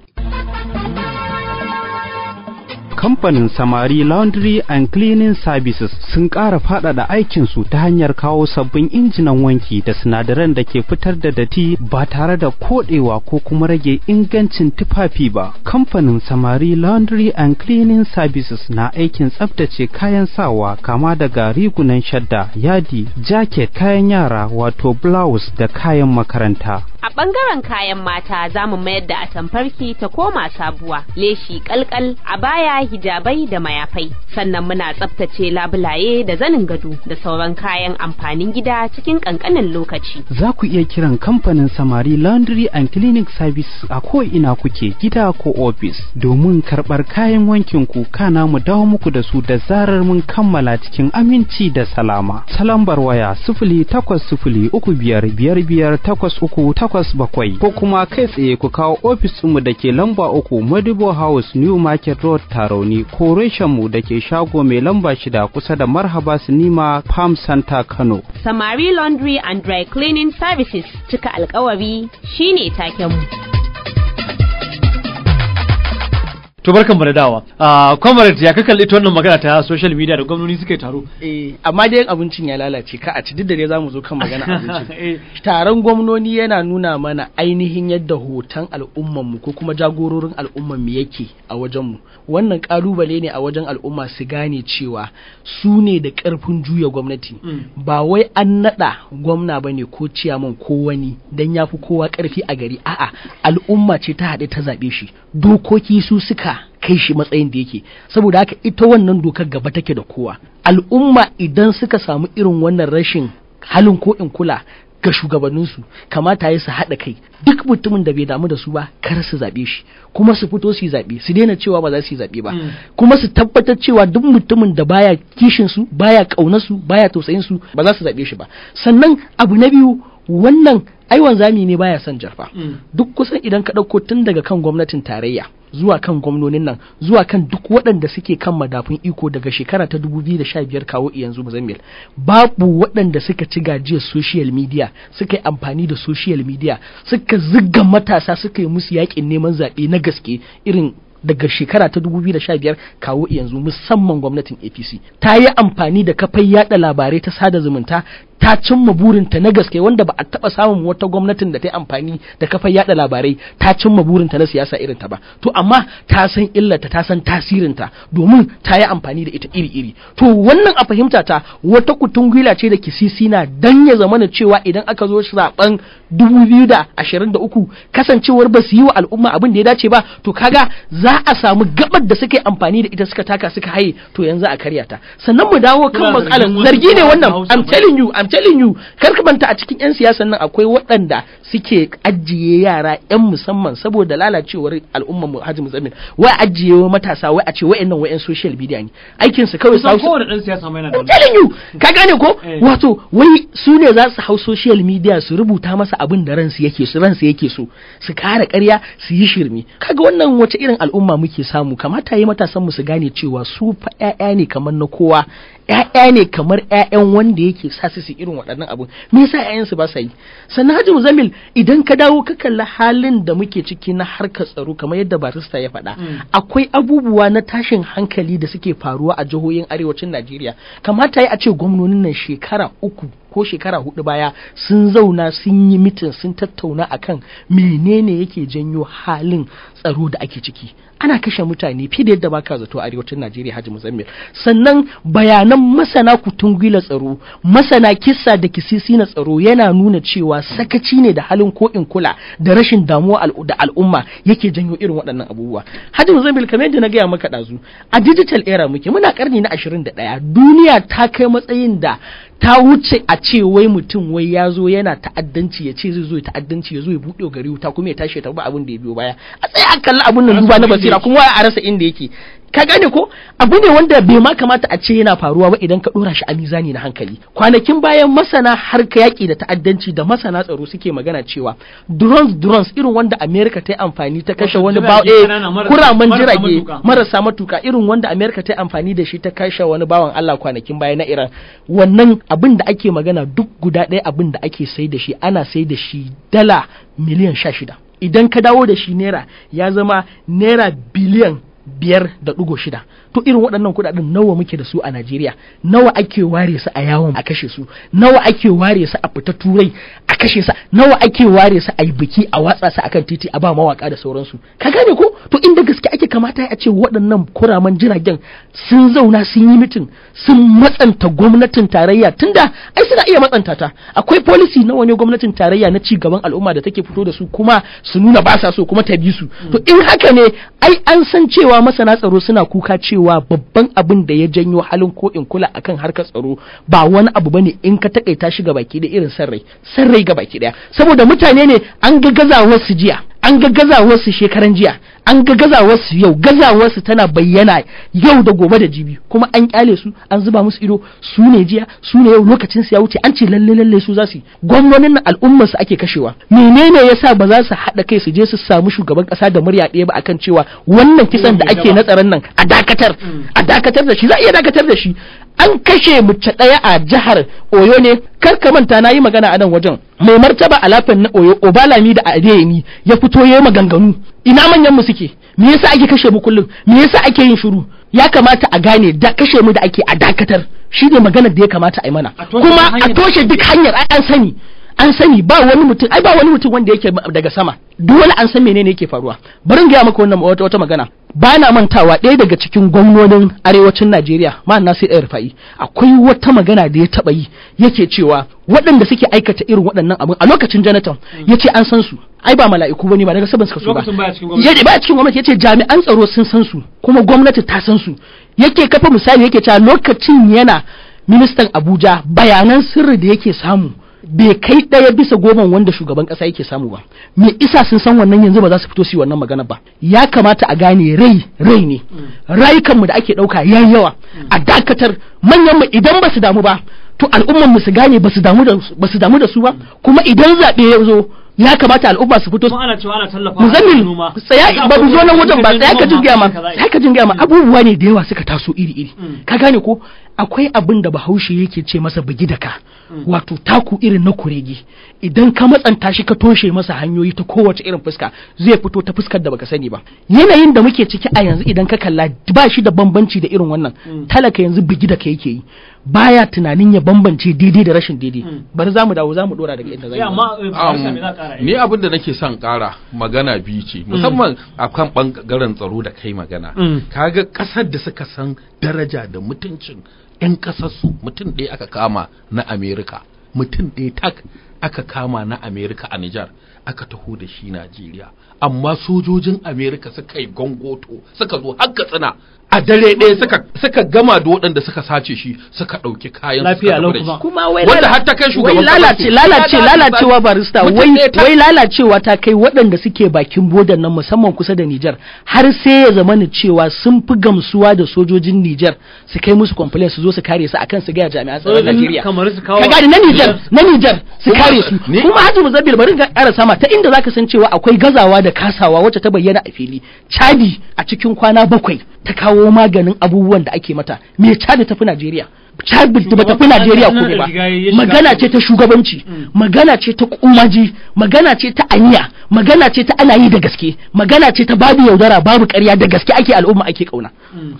kamfanin samari laundry and cleaning services sun ƙara faɗaɗa aikinsu ta hanyar kawo sabbin injinan wanki da sinadaran da ke fitar da datti ba tare da koɗewa ko kuma rage ingancin tufafi ba kamfanin samari laundry and cleaning services na aikin tsaftace kayan sawa kama daga rigunan shadda yadi jacket kayan yara wato blouse da kayan makaranta A ɓangaren kayan mata za mu mayar da atamfarki ta koma sabuwa, leshi kalkal, a baya hijabai da mayafai. Sannan muna tsaftace labulaye da zanin gado da sauran kayan amfanin gida cikin ƙanƙanin lokaci. Za ku iya kiran kamfanin Samari Laundry and Clinic Service a ko ina kuke gida ko ofis domin karɓar kayan wankin ku kana mu dawo muku da su da zarar mun kammala cikin aminci da salama. Salambar waya sifili takwas sifili uku biyar biyar biyar takwas uku takwas takwas bakwai ko kuma kai tsaye ku kawo ofis mu da ke lamba uku Madibo House New Market Road Tarauni ko reshen mu da ke shago mai lamba shida kusa da Marhaba Sinima Palm Center Kano. Samari Laundry and Dry Cleaning Services cika alkawari shine taken mu. to barkan mu da dawa a ah, comrade ya ka kalli ita wannan magana ta social media da gwamnoni suka taro eh amma dai abincin ya lalace ka a ci duk da za zamu zo kan magana [LAUGHS] abincin eh. taron gwamnoni yana nuna mana ainihin yadda hoton al'umman mu ko kuma jagororin al'umman mu yake a wajen mu wannan kalubale ne a wajen al'umma su gane cewa su ne da karfin juya gwamnati mm. ba wai an nada gwamna bane ko ciyaman ko wani dan yafi kowa karfi a gari a'a al'umma ce ta haɗe ta zabe shi dokoki su suka doka kai shi matsayin da yake saboda haka ita wannan dokar gaba take da kowa al'umma idan suka samu irin wannan rashin halin ko in kula ga shugabanninsu kamata ya su haɗa kai duk mutumin da bai damu da su ba kar su zaɓe shi kuma su fito su yi zaɓe su daina cewa ba za su yi zaɓe ba mm. kuma su tabbatar cewa duk mutumin da baya kishin su baya ƙaunar su baya tausayin su ba za su zaɓe shi ba sannan abu na biyu wannan ai wanzami ne baya son jarfa mm. duk kusan idan ka ɗauko tun daga kan gwamnatin tarayya zuwa kan gwamnonin nan zuwa kan duk waɗanda suke kan madafun iko daga shekara ta 2015 kawo yanzu muzammil babu waɗanda suka ci gajiyar social media suka yi amfani da social media suka zigga matasa suka yi musu yakin neman zaɓe na gaske irin daga shekara ta 2015 kawo yanzu musamman gwamnatin APC ta yi amfani da kafar yada labarai ta sada zumunta ta cimma burinta na gaske wanda ba a taɓa samun wata gwamnatin da ta yi amfani da kafar yada labarai ta cimma burinta na siyasa irin ta ba to amma ta san illarta ta san tasirinta domin ta yi amfani da ita iri-iri to wannan a fahimta ta wata kutun gwila ce da kisisi na dan ya zama na cewa idan aka zo zaben 2023 kasancewar ba su yi wa al'umma abin da ya dace ba to kaga za a samu gabar da suka yi amfani da ita suka taka suka haye to yanzu a karya ta sannan mu dawo kan matsalar zargi ne wannan I'm telling you I'm telling you kar ka manta a cikin yan siyasan nan akwai waɗanda suke ajiye yara yan musamman saboda lalacewar al'ummar mu Hajji Musamman wai ajiye wa matasa wai a ce wa'annan wa'en social media ne aikin su kawai sa kowane dan siyasa mai na telling you ka gane ko eh. wato wai su ne za su hau social media su rubuta masa abin da ransu yake su ransu yake so su kara ƙarya su yi shirme kaga wannan wace irin al'umma muke samu kamata yi matasan mu su gane cewa su fa ƴaƴa ne kamar na kowa ƴaƴa ne kamar ƴaƴan wanda yake sa su su irin waɗannan abun me yasa ƴaƴansu ba sa yi sannan Hajji idan ka dawo ka kalli halin da muke ciki na harkar tsaro kamar yadda barista ya faɗa mm. akwai abubuwa na tashin hankali da suke faruwa a jihohin arewacin Najeriya kamata yi a ce gwamnonin nan shekara uku ko shekara hudu baya sun zauna sun yi mitin sun tattauna akan menene yake janyo halin tsaro da ake ciki ana kashe mutane fiye da yadda baka zato arewacin Najeriya Haji Muzammil sannan bayanan masana kutungila tsaro masana kissa da kisisi na tsaro yana nuna cewa sakaci ne da halin ko in kula da rashin damuwa da al'umma yake janyo irin waɗannan abubuwa Haji Muzammil kamar yadda na gaya maka ɗazu a digital era muke muna karni na 21 duniya ta kai matsayin da ta wuce a ce wai mutum wai ya zo yana ta'addanci ya ce zai zo ta'addanci ya zo ya buɗe gari wuta kuma ya tashi ya tarba abin da ya biyo baya a tsaye a kalli abin nan duba na basira kuma a rasa inda yake ka gane ko abu ne wanda bai ma kamata a ce yana faruwa ba idan ka dora shi a mizani na hankali kwanakin bayan masana harka yaki da ta'addanci da masana tsaro suke magana cewa drones drones irin wanda America ta yi amfani ta kashe wani ba eh, kuraman jirage marasa matuka irin wanda America ta yi amfani da shi ta kashe wani bawan Allah kwanakin baya na Iran wannan abin da ake magana duk guda ɗaya abin da ake sai da shi ana sai da shi dala miliyan shida. idan ka dawo da shi naira ya zama naira biliyan biyar da ɗigo shida to irin waɗannan kuɗaɗen nawa muke da su a Najeriya nawa ake ware su a yawon a kashe su nawa ake ware su a fita turai a kashe sa nawa ake ware su a yi biki a watsa su akan titi a ba mawaka da sauransu ka gane ko to inda gaske ake kamata a ce waɗannan kuraman jiragen sun zauna sun yi mitin sun matsanta gwamnatin tarayya tunda ai suna iya matsanta ta akwai policy nawa ne gwamnatin tarayya na ci gaban al'umma da take fito da su kuma su nuna ba sa so kuma ta bi su to in haka ne ai an san cewa masana tsaro suna kuka cewa cewa babban abin da ya janyo halin ko in kula akan harkar tsaro ba wani abu bane in ka takaita shi ga baki da irin sarrai sarrai ga baki daya saboda mutane ne an ga wasu jiya an ga wasu shekaran jiya an ga gazawarsu yau gazawarsu tana bayyana yau da gobe da jibi kuma an kyale su an zuba musu ido su ne jiya su ne yau lokacin su ya wuce an ce lalle lalle su za su yi gwamnonin al'umma su ake kashewa menene yasa ba za su haɗa kai su je su samu shugaban ƙasa da murya ɗaya ba akan cewa wannan kisan da ake na tsaron nan a dakatar a dakatar da shi za a iya dakatar da shi an kashe mace ɗaya a jihar oyo ne kar ka manta na yi magana a nan wajen mai martaba a alafin na oyo obalami da adeyemi ya fito ya yi maganganu ina manyan mu suke me yasa ake kashe mu kullum me yasa ake yin shiru ya kamata a gane da kashe mu da ake a dakatar shine maganar da ya kamata a yi mana kuma a toshe duk hanyar an sani an sani ba wani mutum ai ba wani mutum wanda yake daga sama dole an san menene yake faruwa bari gaya maka wannan wata, wata magana ba na mantawa ɗaya daga cikin gwamnonin arewacin Najeriya ma na sai Rufa'i akwai wata magana da ya taba yi yake cewa waɗanda suke aikata irin waɗannan abin a lokacin ya mm. yace an san su ai ba mala'iku bane ba daga saban suka so ba ya ba cikin gwamnati yace jami'an tsaro sun san su kuma gwamnati ta san su yake kafa misali yake cewa lokacin yana ministan Abuja bayanan sirri da yake samu bai kai ɗaya bisa goma wanda shugaban ƙasa yake samu ba me isa sun san wannan yanzu ba za su fito su yi wannan magana ba ya kamata a gane rai rai ne mm. rayukanmu da ake ɗauka ya yawa a mm. dakatar manyanmu idan ba su damu ba to al'ummar mu su gane ba su damu da su ba mm. kuma idan zaɓe ya zo ya kamata al'umma su fito muzammin tsaya ba mu zo nan wajen ba tsaya ka jin ma eh. tsaya ka jin ma abubuwa ne da yawa suka taso iri iri ka gane ko akwai abin da bahaushe yake ce masa bugi da ka wato taku irin na kurege idan ka matsanta shi ka toshe masa hanyoyi ta kowace irin fuska zai fito ta fuskar da baka sani ba yanayin da muke ciki a yanzu idan ka kalla ba shi da bambanci da irin wannan mm. talaka yanzu bugi da ka yake yi baya tunanin ya bambance daidai da rashin daidai mm. bari zamu dawo zamu dora daga inda zai eh, ni abin da nake son kara magana biyu ce mm. musamman akan bangaren tsaro da kai magana kaga kasar da suka san daraja da mutuncin 'yan ƙasarsu mutum ɗaya aka kama na amerika mutum ɗaya tak aka kama na amerika a nijar aka taho da shi najeriya amma sojojin amerika suka yi gongoto suka zo har katsina a dare ɗaya suka suka gama da waɗanda suka sace shi suka ɗauki kayan lafiya lau kuma kuma wai wanda har ta kai shugaban lalace lalace lalacewa barista wai wai lalacewa ta kai waɗanda suke bakin bodan nan musamman kusa da Nijar har sai ya zama cewa sun fi gamsuwa da sojojin Nijar su kai musu complaint su zo su kare su akan su ga jami'an tsaron Najeriya kamar su kawo kaga na Nijar na Niger su kare su kuma Haji Muzabbil bari ga ƙara sama ta inda zaka san cewa akwai gazawa da kasawa wacce ta bayyana a fili Chadi a cikin kwana bakwai ta kawo maganin abubuwan da ake mata me Chad tafi Najeriya Chad ba tafi Najeriya ko ba magana ce ta shugabanci mm. magana ce ta kumaji magana ce ta anya magana ce ta ana yi da gaske magana ce ta babu yaudara babu ƙarya da gaske ake al'umma ake kauna mm.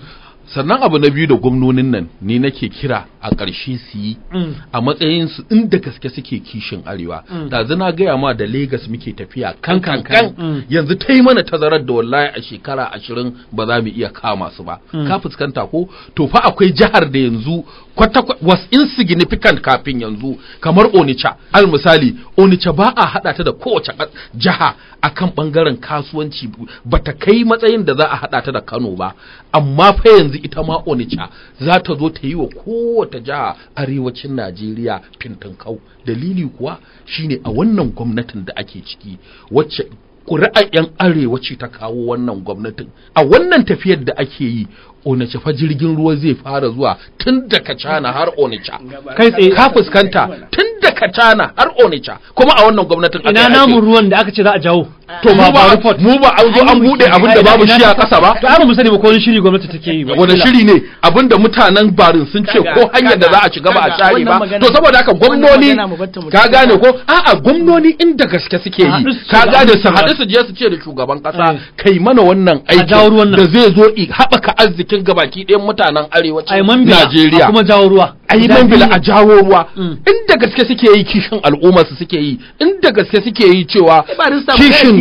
sannan abu na biyu da gwamnonin nan ne nake kira a ƙarshe su yi mm. a matsayin su inda gaske suke kishin arewa mm. da zina gaya ma da Legas muke tafiya kan kan kan mm. yanzu ta yi mana tazarar da wallahi a shekara ashirin ba za mu iya kama su ba ka fuskanta ko to fa akwai jihar da yanzu kwata was insignificant kafin yanzu kamar Onitsha al misali Onitsha ba a hada ta da kowace jiha akan bangaren kasuwanci bata kai matsayin da za a hada ta da Kano ba amma fa yanzu ita ma onica za ta zo ta yi wa kowace jiha arewacin Najeriya kau. dalili kuwa shine a wannan gwamnatin da ake ciki wacce ƙuri'ar 'yan arewa ce ta kawo wannan gwamnatin a wannan tafiyar da ake yi onace fa jirgin ruwa zai fara zuwa tun da kacana har onica ka fuskanta tun da kacana har onica kuma a wannan gwamnatin ina namun ruwan da aka ce za a jawo to ba ba mu ba an zo an bude abin da babu shi a ƙasa ba to ai mu sani ba ko wani shiri gwamnati take yi ba wani shiri ne abin da mutanen barin sun ce ko hanyar da za a shiga ba a tsari ba to saboda haka gwamnoni ka gane ko a'a gwamnoni inda gaske suke yi ka gane su hadu su je su ce da shugaban ƙasa eh. kai mana wannan aiki da zai zo haɓaka arzikin gabaki ɗayan mutanen arewacin Najeriya kuma jawo ruwa ai mambila a jawo ruwa mm. inda gaske suke yi kishin al'umma su suke yi inda gaske suke yi cewa kishin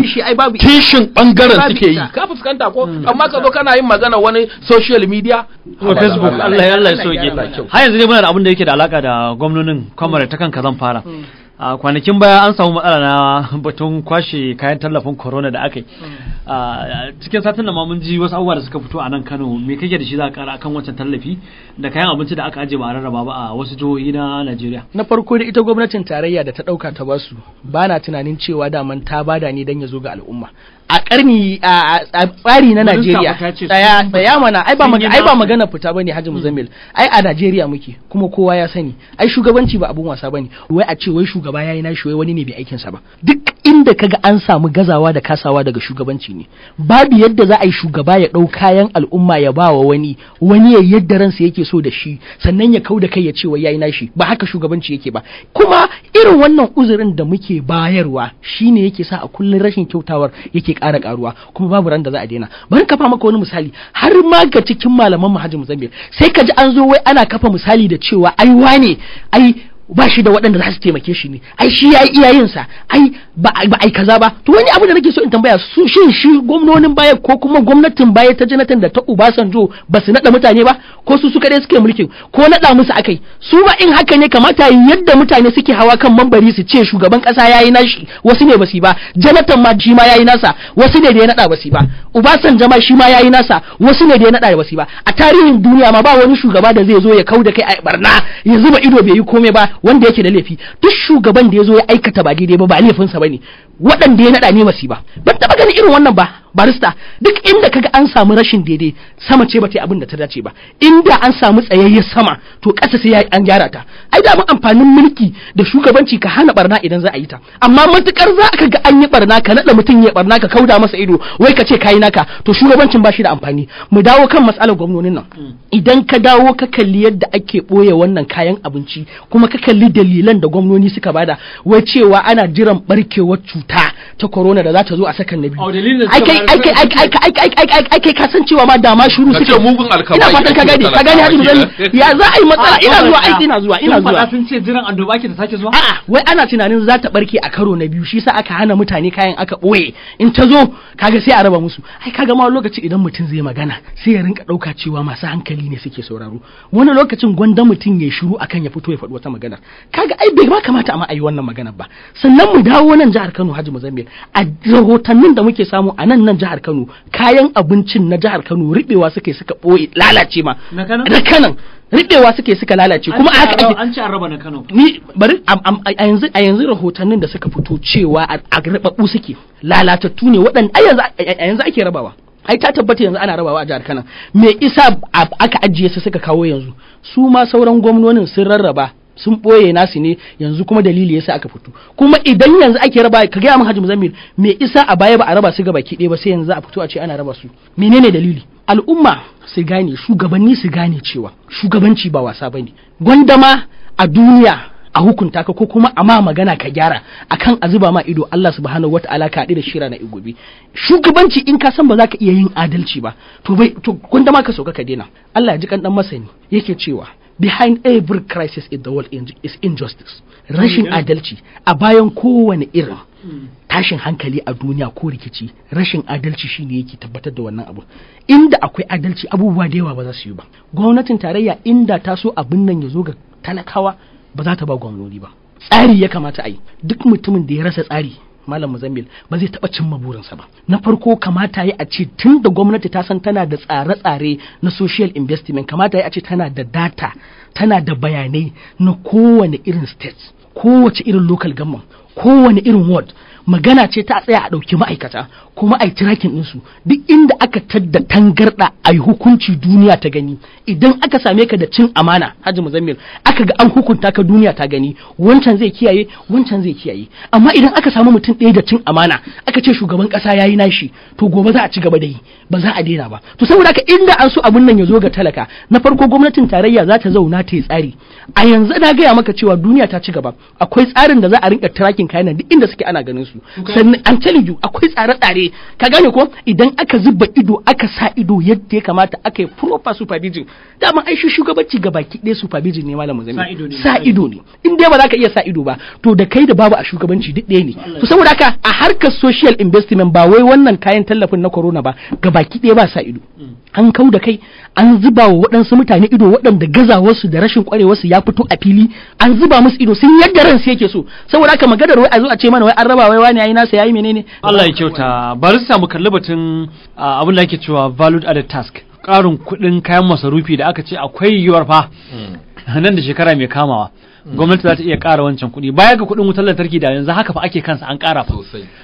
kishin bangaren suke yi ka fuskanta ko hmm. amma ka zo kana yin magana wani social media ko facebook Allah ya Allah ya soke har yanzu dai muna da abin da yake da alaka da gwamnonin kwamare ta kanka zan fara hmm. a kwanakin baya an samu matsala na batun kwashe kayan tallafin corona da aka yi mm. cikin satin da mun ji wasu abubuwa da suka fito a nan kano me kake da shi za a kara akan wancan tallafi da kayan abinci da aka ajiye ba a rarraba ba a wasu jihohi na najeriya na farko da ita gwamnatin tarayya da ta dauka ta basu ba na tunanin cewa daman ta bada ne dan ya zo ga al'umma a karni a tsari na Najeriya tsaya mana ai ba ai ba magana fita bane Haji hmm. Muzammil ai a Najeriya muke kuma kowa ya sani ai shugabanci ba abun wasa bane wai a ce wai shugaba yayi nashi wai wani ne bai aikin sa ba duk inda kaga an samu gazawa da kasawa daga shugabanci ne babu yadda za a yi shugaba ya ɗau kayan al'umma ya ba wa wani wani ya yadda ransa yake so da shi sannan ya kau da kai ya ce wai yayi nashi ba haka shugabanci yake ba kuma irin wannan uzurin da muke bayarwa shine yake sa a kullun rashin kyautawar yake ƙara ƙaruwa kuma babu ran da za a daina bari kafa maka wani misali har ma ga cikin malaman mu Hajji sai ka ji an zo wai ana kafa misali da cewa ai wane ai ba shi da waɗanda za su taimake shi ne ai shi ya yi iyayensa ai ba ai kaza ba to wani abu da nake so in tambaya su shin shi gwamnonin baya ko kuma gwamnatin baya ta janatan da ta Obasanjo ba su naɗa mutane ba ko su suka dai suke mulki ko naɗa musu akai su ba in haka ne kamata yadda mutane suke hawa kan mambari su ce shugaban kasa yayi nashi wasu ne basu ba Jonathan ma shi ma yayi nasa wasu ne da ya naɗa basu ba Obasanjo ma shi ma yayi nasa wasu ne da ya naɗa basu ba a tarihin duniya ma ba wani shugaba da zai zo ya kauda kai a barna ya zuba ido bai yi komai ba wanda yake da laifi duk shugaban da ya zo ya aikata ba daidai ba ba laifinsa ba ne waɗanda ya naɗa ne masiba ban taɓa ganin irin wannan ba barista duk inda kaga an samu rashin daidai sama ce bata yi abin da ta dace ba inda an samu tsayayyen sama to ƙasa sai ya an gyara ta ai da amfanin mulki da shugabanci ka hana barna idan za a yi ta amma matukar za ka ga an yi barna ka nada mutum ya barna ka kauda masa ido wai ka ce kayi naka to shugabancin ba shi da amfani mu dawo kan matsalar gwamnonin nan mm. idan ka dawo ka kalli yadda ake boye wannan kayan abinci kuma ka kalli dalilan da gwamnoni suka bada wai cewa ana jiran barkewar cuta ta corona da za ta zo a sakan na biyu oh, ai kai kasan cewa ma dama shuru suke mugun alkawari ina fatan ka gani ka gani hadin zai ya za a yi matsala ina zuwa ai ina zuwa ina zuwa sun ce jiran annoba ke ta sake zuwa a'a wai ana tunanin za ta barke a karo na biyu shi sa aka hana mutane kayan aka boye in ta zo kaga sai a raba musu ai kaga ma lokaci idan mutum zai magana sai ya rinka dauka cewa masu hankali ne suke sauraro wani lokacin gwanda mutum ya shiru akan ya fito ya faɗi wata magana kaga ai bai kamata a ayi wannan magana ba sannan mu dawo nan jihar Kano Haji Muzamil a rahotannin da muke samu a nan nan jihar Kano kayan abincin na jihar Kano ribewa suke suka boye lalace ma na Kano ribewa suke suka lalace kuma a haka an ci araba na Kano ni bari a yanzu a yanzu rahotannin da suka fito cewa a rababbu suke lalatattu ne waɗanda a yanzu ake rabawa ai ta tabbata yanzu ana rabawa a jihar Kano me isa aka ajiye su suka kawo yanzu su ma sauran gwamnonin sun rarraba sun ɓoye nasu ne yanzu kuma dalili yasa aka fito kuma idan yanzu ake raba ka gaya min Hajji Muzammil me isa a baya ba a raba su ga baki ɗaya ba sai yanzu a fito a ce ana raba su menene dalili al'umma su gane shugabanni su gane cewa shugabanci ba wasa bane gwandama a duniya a hukunta ka ko kuma a ma magana ka gyara akan a zuba ma ido Allah subhanahu wataala ka da shira na igobi shugabanci in ka san ba za ka iya yin adalci ba to bai to gwandama ka sauka ka daina Allah ya ji kan dan masani yake cewa behind every crisis in the world is injustice rashin adalci a bayan kowane irin hmm. tashin hankali a duniya ko rikici rashin adalci shine yake tabbatar da wannan abu inda akwai adalci abubuwa da yawa ba za su yi ba gwamnatin tarayya inda ta so abin nan ya zo ga talakawa ba za ta ba gwamnoni ba tsari ya kamata a yi duk mutumin da ya rasa tsari malam muzammil ba zai taɓa cimma burinsa ba na farko kamata ya a ce tun da gwamnati ta san tana da tsare-tsare na social investment kamata yi a ce tana da data tana da bayanai na kowane irin state kowace irin local government kowane irin ward magana ce ta tsaya a ɗauki ma'aikata kuma a yi tirakin ɗinsu duk inda aka tadda tangarɗa a yi hukunci duniya ta gani idan aka same ka da cin amana hajji muzammil aka ga an hukunta ka duniya ta gani wancan zai kiyaye wancan zai kiyaye amma idan aka samu mutum ɗaya da cin amana aka ce shugaban ƙasa ya yi nashi to gobe za a ci gaba da yi ba za a daina ba to saboda haka inda an so abun nan ya zo ga talaka na farko gwamnatin tarayya za ta zauna ta yi tsari a yanzu na gaya maka cewa duniya ta ci gaba akwai tsarin da za a rinka tirakin kayan duk inda suke ana ganin su sannan an telling you akwai tsare-tsare ka gane ko idan aka zuba ido aka sa ido yadda ya kamata aka yi proper supervision dama ai shi shugabanci ga baki ɗaya supervision ne malam zami sa ido ne in dai ba za ka iya sa ido ba to da kai da babu a shugabanci duk ɗaya ne to saboda haka a harkar social investment ba wai wannan kayan tallafin na corona ba ga baki ɗaya ba sa ido mm. an kau da kai an zuba wa waɗansu mutane ido waɗanda gazawarsu da rashin ƙwarewarsu ya fito a fili an zuba musu ido sun yadda ransu yake so saboda haka maganar wai a zo a ce mana wai an raba wai wani yayi nasa yayi menene Allah ya kyauta bari samu kalli batun abin da ake cewa value added task karin kuɗin kayan masarufi da aka ce akwai yiwuwar fa hmm. nan da shekara mai kamawa hmm. gwamnati za ta iya ƙara wancan kuɗi baya ga kuɗin wutar lantarki da yanzu haka fa ake kansa an ƙara fa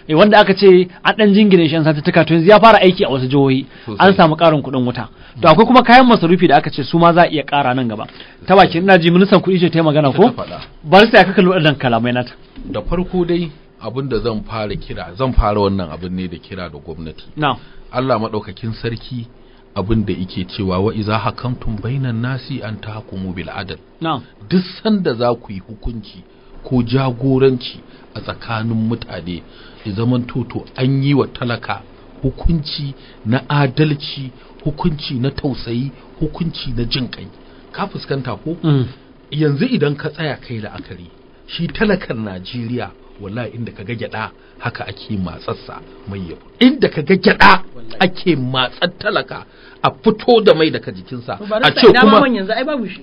eh, wanda aka ce an ɗan jingine shi an sati tuka to yanzu ya fara aiki a wasu jihohi an samu ƙarin kuɗin wuta to akwai kuma kayan masarufi da aka ce su ma za a iya ƙara nan gaba ta bakin ina ji ministan kuɗi ce ta yi magana ko sai ya kalli lura kalamai ta da farko dai abin da zan fara kira zan fara wannan abin ne da kira da gwamnati Allah maɗaukakin sarki abin da yake cewa wa iza hakamtum bainan nasi an tahkumu bil adl duk sanda za ku yi hukunci ko jagoranci a tsakanin mutane ya zaman toto an yi wa talaka hukunci na adalci hukunci na tausayi hukunci na jin kai ka fuskanta ko mm. yanzu idan ka tsaya kai la'akari shi talakan Najeriya wallahi inda ka gyada haka ake matsatsa mai inda ka gyada ake matsar talaka a fito da mai daga jikinsa a ce kuma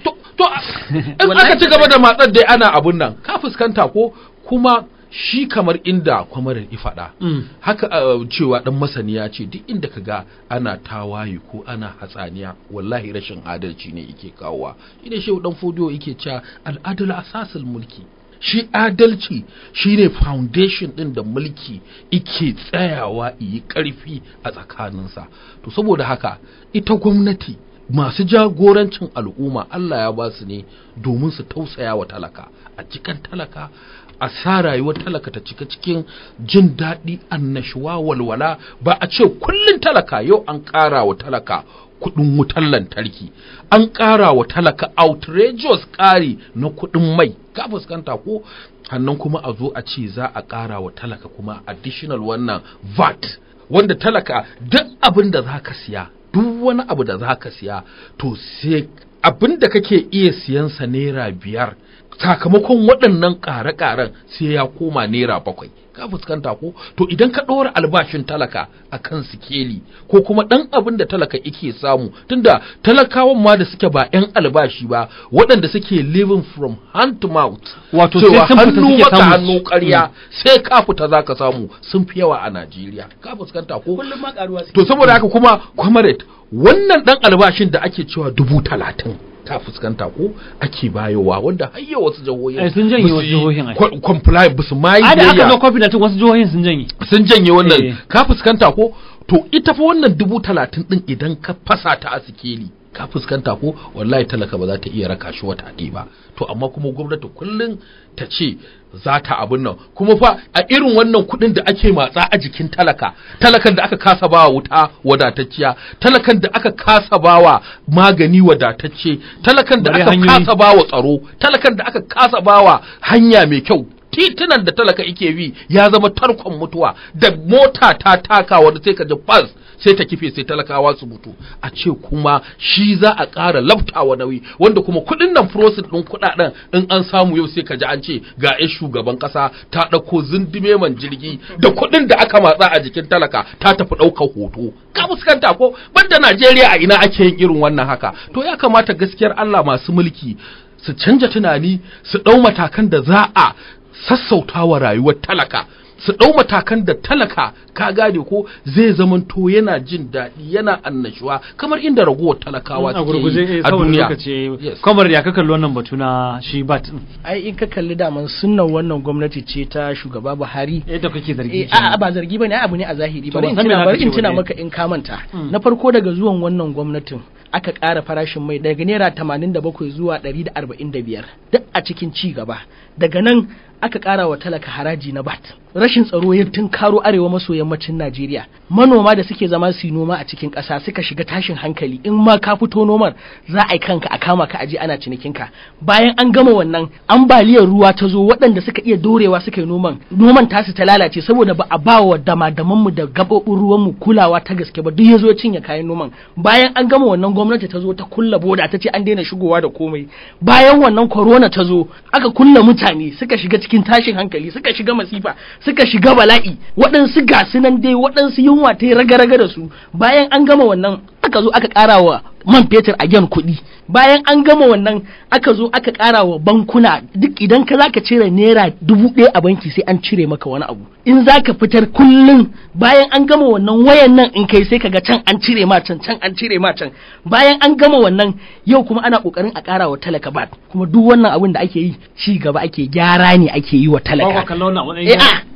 to in aka ci gaba da matsar dai ana abun nan ka fuskanta ko kuma shi kamar inda kwamarin ifada mm. haka cewa dan masani ya ce duk inda kaga ana tawaye ko ana hatsaniya wallahi rashin adalci ne yake kawowa ina shehu dan fodiyo yake cewa al'adul asasul mulki shi adalci shine foundation din da mulki ike tsayawa yi ƙarfi a tsakaninsa to saboda haka ita gwamnati masu jagorancin al'umma Allah ya ba su ne domin su tausaya wa talaka a cikin talaka a sa rayuwar talaka ta cika cikin jin daɗi annashuwa walwala ba a ce kullum talaka yau an ƙara wa talaka kuɗin wutar lantarki an ƙara wa talaka outrageous kari na kuɗin mai ka fuskanta ko hannun kuma a zo a ce za a ƙara wa talaka kuma additional wannan VAT wanda talaka duk abin da za ka siya duk wani abu da za ka siya to sai abin da kake iya siyan sa naira biyar sakamakon waɗannan ƙare-ƙaren sai ya koma naira bakwai ka fuskanta ko to idan ka ɗora albashin talaka a kan sikeli ko kuma ɗan abin da talaka ike samu tunda talakawan ma da suke ba 'yan albashi ba waɗanda suke living from hand to mouth wato sai hannu maka hannu ƙarya mm. sai ka fita za ka samu sun fi yawa a najeriya ka fuskanta ko to saboda haka kuma comrade wannan ɗan albashin da ake cewa dubu talatin ta fuskanta ko ake bayowa wanda har yau wasu jihohin ai eh, sun janye wasu jihohin ai comply bisu mai da aka zo covid tun wasu jihohin sun janye sun janye wannan eh. ka fuskanta ko to ita fa wannan dubu talatin din idan ka fasa ta a sikeli ka fuskanta ko wallahi talaka ba za ta iya raka shi wata ɗaya ba to amma kuma gwamnati kullum ta ce za ta abin nan kuma fa a irin wannan kuɗin da ake matsa a jikin talaka talakan da aka kasa bawa wuta wadatacciya talakan da aka kasa bawa magani wadatacce talakan da aka kasa bawa tsaro talakan da aka kasa bawa hanya mai kyau titunan da talaka ike bi ya zama tarkon mutuwa da mota ta taka wanda sai ka ji fas sai ta kife sai talakawa su mutu a ce kuma shi za a ƙara labtawa nauyi wanda kuma kuɗin nan process ɗin kuɗaɗen in an samu yau sai ka ji an ce ga 'yan shugaban ƙasa ta ɗauko zindime man jirgi da kuɗin da aka matsa a jikin talaka ta tafi ɗaukar hoto ka fuskanta ko banda Najeriya a ina ake yin irin wannan haka to ya kamata gaskiyar Allah masu mulki su canja tunani su ɗau matakan da za a sassautawa rayuwar talaka su ɗau matakan da talaka ka gane ko zai zamanto yana jin daɗi yana annashuwa kamar inda ragowar talakawa a eh, duniya kamar ya ka kalli wannan batu na shi bat ai in ka kalli daman sunnan wannan gwamnati ce ta shugaba Buhari eh da kake zargi eh, a ba zargi bane abu ne a zahiri bari in tuna bari in tuna maka in ka manta mm. na farko daga zuwan wannan gwamnatin aka ƙara farashin mai daga naira 87 zuwa 145 duk a cikin ci gaba daga nan aka kara wa talaka haraji na bat rashin tsaro ya karo arewa maso yammacin najeriya manoma da suke zama su noma a cikin ƙasa suka shiga tashin hankali in ma ka fito nomar za a yi kanka a kama ka aje ana cinikin ka bayan an gama wannan ambaliyar ruwa ta zo waɗanda suka iya dorewa suka yi noman noman tasu ta lalace saboda ba a ba wa damadaman mu da gaɓoɓin ruwanmu kulawa ta gaske ba duk ya zo cinye kayan noman bayan an gama wannan gwamnati ta zo ta kulla boda ta ce an daina shigowa da komai bayan wannan corona ta zo aka kulla mutane suka shiga cikin cikin tashin hankali suka shiga masifa suka shiga bala'i waɗansu gasu nan dai waɗansu yunwa ta yi raga-raga da su bayan an gama wannan aka zo aka ƙara wa man fetur a gyan kuɗi bayan an gama wannan aka zo aka ƙara wa bankuna duk idan ka zaka cire naira dubu ɗaya a banki sai an cire maka wani abu in zaka fitar kullum bayan an gama wannan wayan nan in kai sai kaga can an cire ma can can an cire ma can bayan an gama wannan yau kuma ana ƙoƙarin a ƙara wa talaka ba kuma duk wannan abin da ake yi ci gaba ake gyara ne ake yi wa talaka.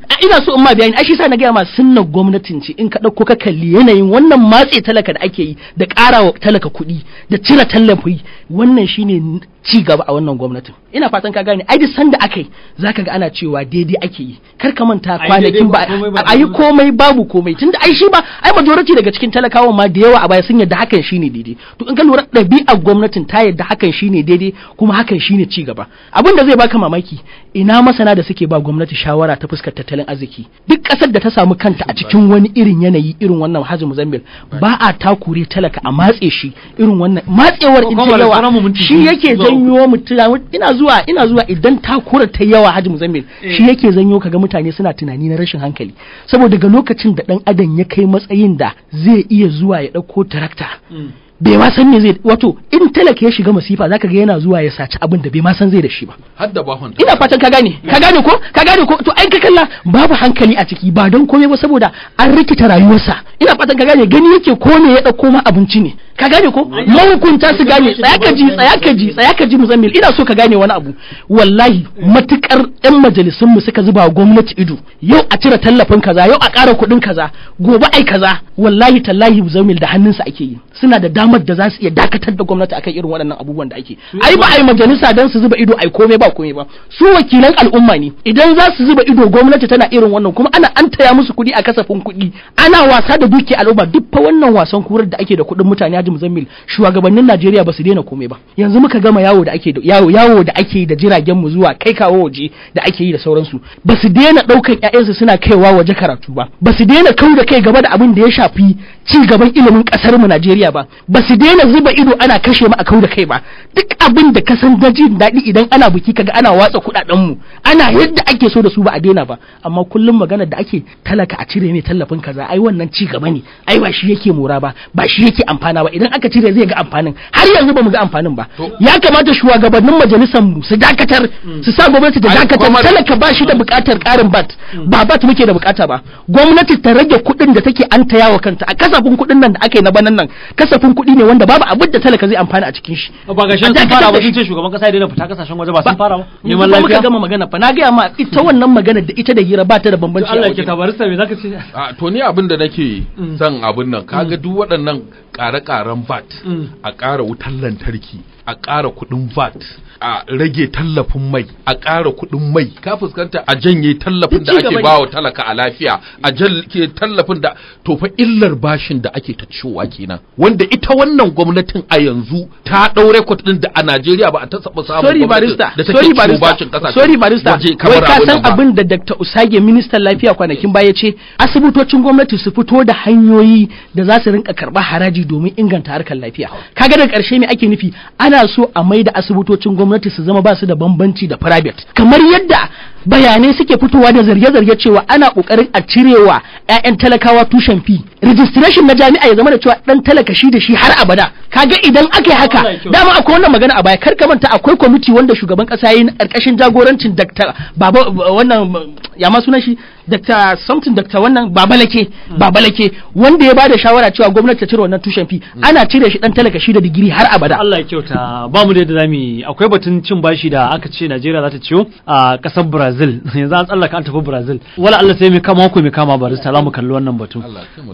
a ina so in ma bayani ashe sa na gaya ma sunna gwamnatin ce in ka ɗauko ka kalli yanayin wannan matse talaka da ake yi da karawa talaka kuɗi da cire tallafi wannan shine ci gaba a wannan gwamnatin ina fatan ka gane ai duk sanda aka yi zaka ga ana cewa daidai ake yi kar ka manta kwanakin ba a komai babu komai tunda ai shi ba ai majority daga cikin talakawan ma da yawa a baya sun yadda hakan shine daidai to in ka lura ɗabi'ar gwamnatin ta yadda hakan shine daidai kuma hakan shine ci gaba abinda zai baka mamaki ina masana da suke ba gwamnati shawara ta fuskar ta tattalin arziki duk ƙasar da ta samu kanta a cikin wani irin yanayi irin wannan hajji muzambil ba a takure talaka a matse shi irin wannan matsewar in ta yawa shi yake janyo mutum ina zuwa ina zuwa idan takura ta yawa hajji muzambil eh. shi yake janyo kaga mutane suna tunani na rashin hankali saboda daga lokacin da dan adam ya kai matsayin da zai iya zuwa ya ɗauko tarakta mm. bai ma san me zai wato in talaka ya shiga masifa zaka ga yana zuwa ya saci abin da bai ma san zai da shi ba har da hon ina fatan ka gane ka gane ko ka gane ko to ai ka kalla babu hankali a ciki ba don komai ba saboda an rikita rayuwarsa ina fatan ka gane gani yake ko me ya dauko ma abinci ne ka gane ko mahukunta su gane tsaya ka ji tsaya ka ji tsaya ka ji muzammil ina so ka gane wani abu wallahi matukar yan majalisun mu suka zuba gwamnati ido yau a cire tallafin kaza yau a ƙara kuɗin kaza gobe ai kaza wallahi tallahi muzammil da hannunsa ake yi suna da damar da za su iya dakatar da gwamnati akan irin waɗannan abubuwan da ake ai ba ai majalisa dan su zuba ido ai komai ba komai ba su wakilan al'umma ne idan za su zuba ido gwamnati tana irin wannan kuma ana an taya musu kuɗi a kasafin kuɗi ana wasa da duki al'umma duk fa wannan wasan kurar da ake da kuɗin mutane haji muzammil shugabannin Najeriya ba su daina komai ba yanzu muka gama yawo da ake yawo yawo da ake da jiragen mu zuwa kai kawo waje da ake yi da sauransu ba su daina ɗaukar ƴaƴansu suna kaiwa waje karatu ba ba su daina kau da kai gaba da abin da ya shafi ci gaban ilimin ƙasar mu Najeriya tarbiyya ba ba su daina zuba ido ana kashe mu a kau da kai ba duk abin da ka san na jin daɗi idan ana buki kaga ana watsa kuɗaɗen mu ana yadda ake so da su ba a daina ba amma kullum magana da ake talaka a cire mai tallafin kaza ai wannan ci gaba ne ai ba shi yake mora ba ba shi yake amfana ba idan aka cire zai ga amfanin har yanzu ba mu ga amfanin ba ya kamata shugabannin majalisar mu su dakatar mm. su sa gwamnati ta dakatar talaka ba shi da bukatar karin bat mm. ba bat muke da bukata ba gwamnati ta rage kuɗin da take an ta kanta a kasafin kuɗin nan da aka na banan nan kasafin kuɗi ne wanda babu abin da talaka zai amfana a cikin shi ba ga shi sun fara ba sun ce shugaban kasa ya daina fita kasashen waje ba sun fara ba neman lafiya kuma gama magana fa na ga ma ita wannan magana da ita da hira ba ta da bambanci Allah ke tabarista me zaka ce a to ni abin da nake mm. son abin nan kaga mm. duk waɗannan ƙare-ƙaren bat mm. a ƙara wutar lantarki a ƙara kuɗin VAT a rage tallafin mai a ƙara kuɗin mai ka fuskanta a janye tallafin da ake bawa talaka a lafiya a janye tallafin da to fa illar bashin da ake ta ciwowa kenan wanda ita wannan gwamnatin a yanzu ta ɗaure kwat ɗin da a Najeriya ba a ta saba samun sorry barista da take ciwo bashin ƙasa sorry barista wai ka san abin da Dr. Usage ministan lafiya kwanakin baya ce asibitocin gwamnati su fito da hanyoyi da za su rinka karɓar haraji domin inganta harkar lafiya kaga da ƙarshe me ake nufi ana ana so a mai da asibitocin gwamnati su zama basu da bambanci da private kamar yadda bayanai suke fitowa da zarge-zarge cewa ana kokarin a cirewa 'ya'yan talakawa tushen fi registration na jami'a ya zama da cewa dan talaka shi da shi har abada kaga idan aka yi haka dama akwai wannan magana a baya karka manta akwai kwamiti wanda shugaban kasa yayin karkashin jagorancin Dr. Baba wannan ya sunan shi Dr. something Dr. wannan babalake hmm. babalake wanda ya bada shawara cewa gwamnati ta cire wannan tushen fi hmm. ana cire shi dan talaka shi da digiri har abada Allah ya kyauta ba mu da zamu akwai batun cin bashi da aka ce Najeriya za ta ciyo a kasar Brazil [LAUGHS] yanzu an tsallaka an tafi Brazil wala Allah sai mai kama ko mai kama barista za mu kalli wannan batu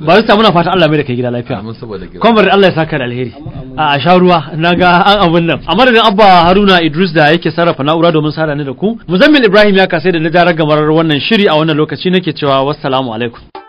barista muna fata Allah mai da kai gida lafiya kwamar Allah ya saka da alheri a sha ruwa na ga an abun nan a madadin abba haruna idris da yake sarrafa na'ura domin sada ni da ku muzammil ibrahim ya kasai da na jarar gamarar wannan shiri a wannan lokaci lokaci nake cewa wassalamu alaikum